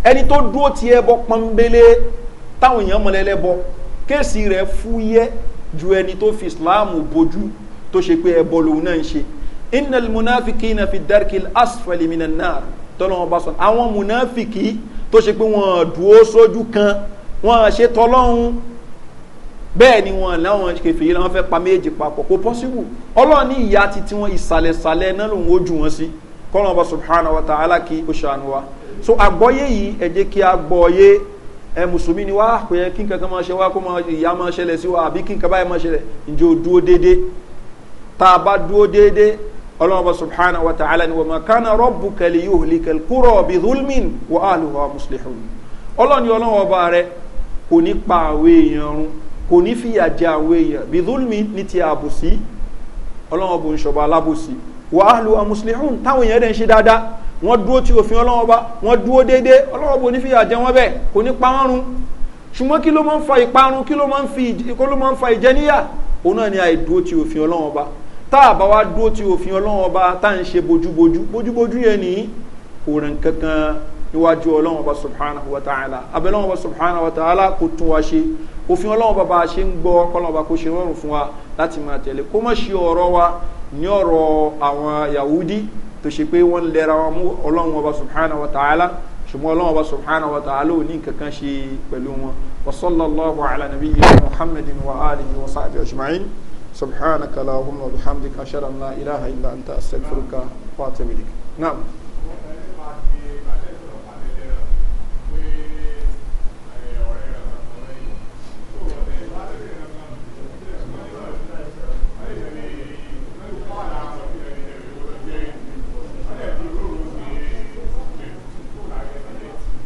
Speaker 1: ẹni tó dúró ti ẹbọ pọnbélé táwọn èèyàn mọ̀lẹ́lẹ́bọ kéèsì rẹ̀ fúyẹ́ ju ẹni tó fi islam bojú tó ṣe pé ẹbọ lòun náà ń ṣe inal munafiki na fi darkil asfali minanar nar tọ́lọ́wọ́n bá sọ àwọn munafiki tó ṣe pé wọ́n dúró sójú kan wọ́n ṣe tọ́lọ́hún bẹ́ẹ̀ ni wọ́n láwọn kẹfì yìí láwọn fẹ́ pa méjì papọ̀ kò pọ́síbù ọlọ́run ní ìyá ti tí wọ́n ìsàlẹ̀sàlẹ̀ náà lòun ó jù wọ́n sí kọ́lọ́wọ́n bá subhanahu wa ta'ala kí ó ṣàánú wa so àgbọ́yé yìí ẹ̀jẹ̀ kí a ẹ mùsùlùmí ni wá kò yẹ kí nǹkan kan máa ṣe wá kó ìyá máa ṣẹlẹ̀ sí wa àbí kí nǹkan báyìí máa ṣẹlẹ̀ ǹjẹ́ o dúó déédé tá a bá dúó déédé ọlọ́run ọba subhanahu wa ta'ala ni wọ́n máa kánà rọ́bù kẹlẹ̀ yóò lè kẹlẹ̀ kúrọ̀ bí hulmin wà á lù wá ọlọ́run ni ọlọ́run ọba rẹ kò ní pa àwọn èèyàn run kò ní fìyà jẹ àwọn èèyàn bí hulmin ní ti àbòsí ọlọ́run ọba òǹṣọba alábòsí wà á lù wá mùsùlùmí táwọn èèyàn dẹ̀ ń ṣe dáadáa wọ́n dúró tí òfin ọlọ́wọ́ bá wọ́n dúró déédé ọlọ́wọ́ bò ní fìyà jẹ wọ́n bẹ́ẹ̀ kò ní parun ṣùgbọ́n kí ló máa ń fa ìparun kí ló máa ń fa ìjẹníyà òun náà ni àìdúró tí òfin ọlọ́wọ́ bá tá a bá wá dúró tí òfin ọlọ́wọ́ bá tá à ń ṣe bójúbójú bójúbójú yẹn ní kò rìn kankan níwájú ọlọ́wọ́ bá subhanahu wa ta'ala abẹ́lọ́wọ́ bá subhanahu wa ta'ala kò tún wá ṣe òfin ọlọ́wọ́ bá bá a ṣe ń gbọ́ kọ́lọ́wọ́ bá kó ṣe rọrùn fún wa láti máa tẹ̀lé kó má ṣe ọ̀rọ̀ wa ní ọ̀rọ̀ àwọn yahudi tó ṣe pé wọ́n lẹ́ra wọn mú ọlọ́run ọba subhana wa ta'ala ṣùgbọ́n ọlọ́run ọba subhana wa ta'ala ò ní kankan ṣe pẹ̀lú wọn wasallallahu ala nabiyyi muhammadin wa alihi wa sahbihi ajma'in subhanaka allahumma wa bihamdika ashhadu an ilaha illa anta astaghfiruka wa atubu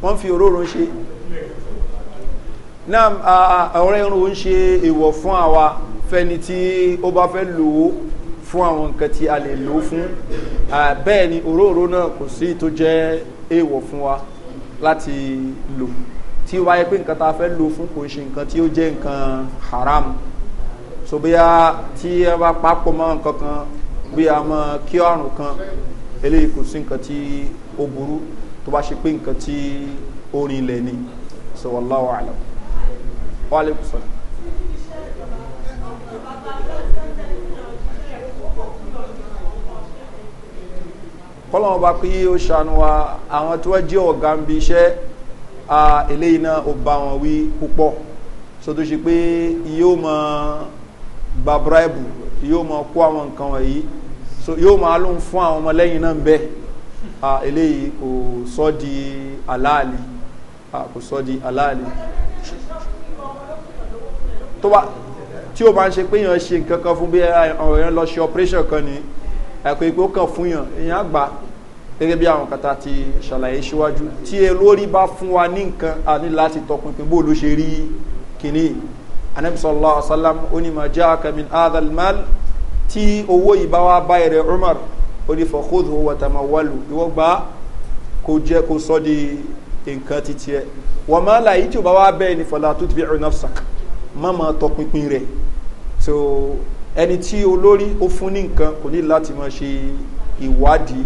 Speaker 1: wọ́n fi òróró ń ṣe náà ọ̀rẹ́ irun ń ṣe èwọ̀ fún àwa fẹ́ni tí ó bá fẹ́ lò fún àwọn nǹkan tí a lè lò ó fún bẹ́ẹ̀ ni òróró náà kò sí tó jẹ́ èwọ̀ fún wa láti lò tí ó wáyé pé nǹkan tá fẹ́ lò fún kò ṣe nǹkan tí ó jẹ́ nǹkan haram so bí a tí a bá papọ̀ mọ́ nǹkan kan bí a mọ kí ọ̀rùn kan eléyìí kò sí nǹkan tí ó burú tó bá ṣe pé nǹkan tí orin ilẹ̀ ni so wallahu alam wa alaikum salam kọ́lọ́wọ́n bá pé ó ṣàánú wa àwọn tí wọ́n jẹ́ ọ̀gá ń bi iṣẹ́ eléyìí náà ó bá wọn wí púpọ̀ so tó ṣe pé yóò mọ gba bíráìbù yóò mọ kó àwọn nǹkan wọ̀nyí so yóò máa lóun fún àwọn ọmọlẹ́yìn náà bẹ́ẹ̀ eléyìí kò sọ́ di aláàlì kò sọ́ di aláàlì tó bá tí o bá ń ṣe pé èèyàn ṣe nǹkan kan fún bí ọ̀rọ̀ yẹn lọ ṣe operation kan ni ẹ̀kọ́ ìpò kan fún yàn èèyàn àgbà gẹ́gẹ́ bí àwọn kàtà ti ṣàlàyé síwájú tí olórí bá fún wa ní nǹkan a ní láti tọpinpin bó ló ṣe rí kìíní anamisọ́lá ọ̀sálàm onímọ̀ jẹ́ akamin adalmal tí owó ìbáwá báyẹ̀rẹ̀ umar ó ní fọkóòdù wàtàmáwálù ìwọ gbá kó jẹ kó sọ di nǹkan títí ẹ wọn máa là tí o bá wá bẹ́ẹ̀ ni fọlá tó ti bí ẹ̀rọ sàk má máa tọpinpin rẹ̀ so ẹni tí olórí ó fún ní nǹkan kò ní láti máa ṣe ìwádìí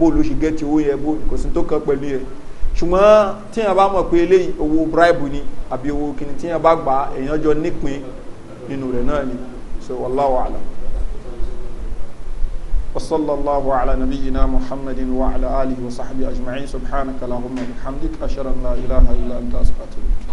Speaker 1: bó ló ṣe gẹ́tì owó yẹn bó kò sí tó kàn pẹ̀lú yẹn ṣùgbọ́n tí yẹn bá mọ̀ pé eléyìí owó bribe ni àbí owó kìnnìtì yẹn bá gbà èèyàn jọ nípìn nínú rẹ̀ náà ni so wàláwàlá. وصلى الله على نبينا محمد وعلى آله وصحبه أجمعين سبحانك اللهم وبحمدك أشهد أن لا إله إلا أنت أستغفرك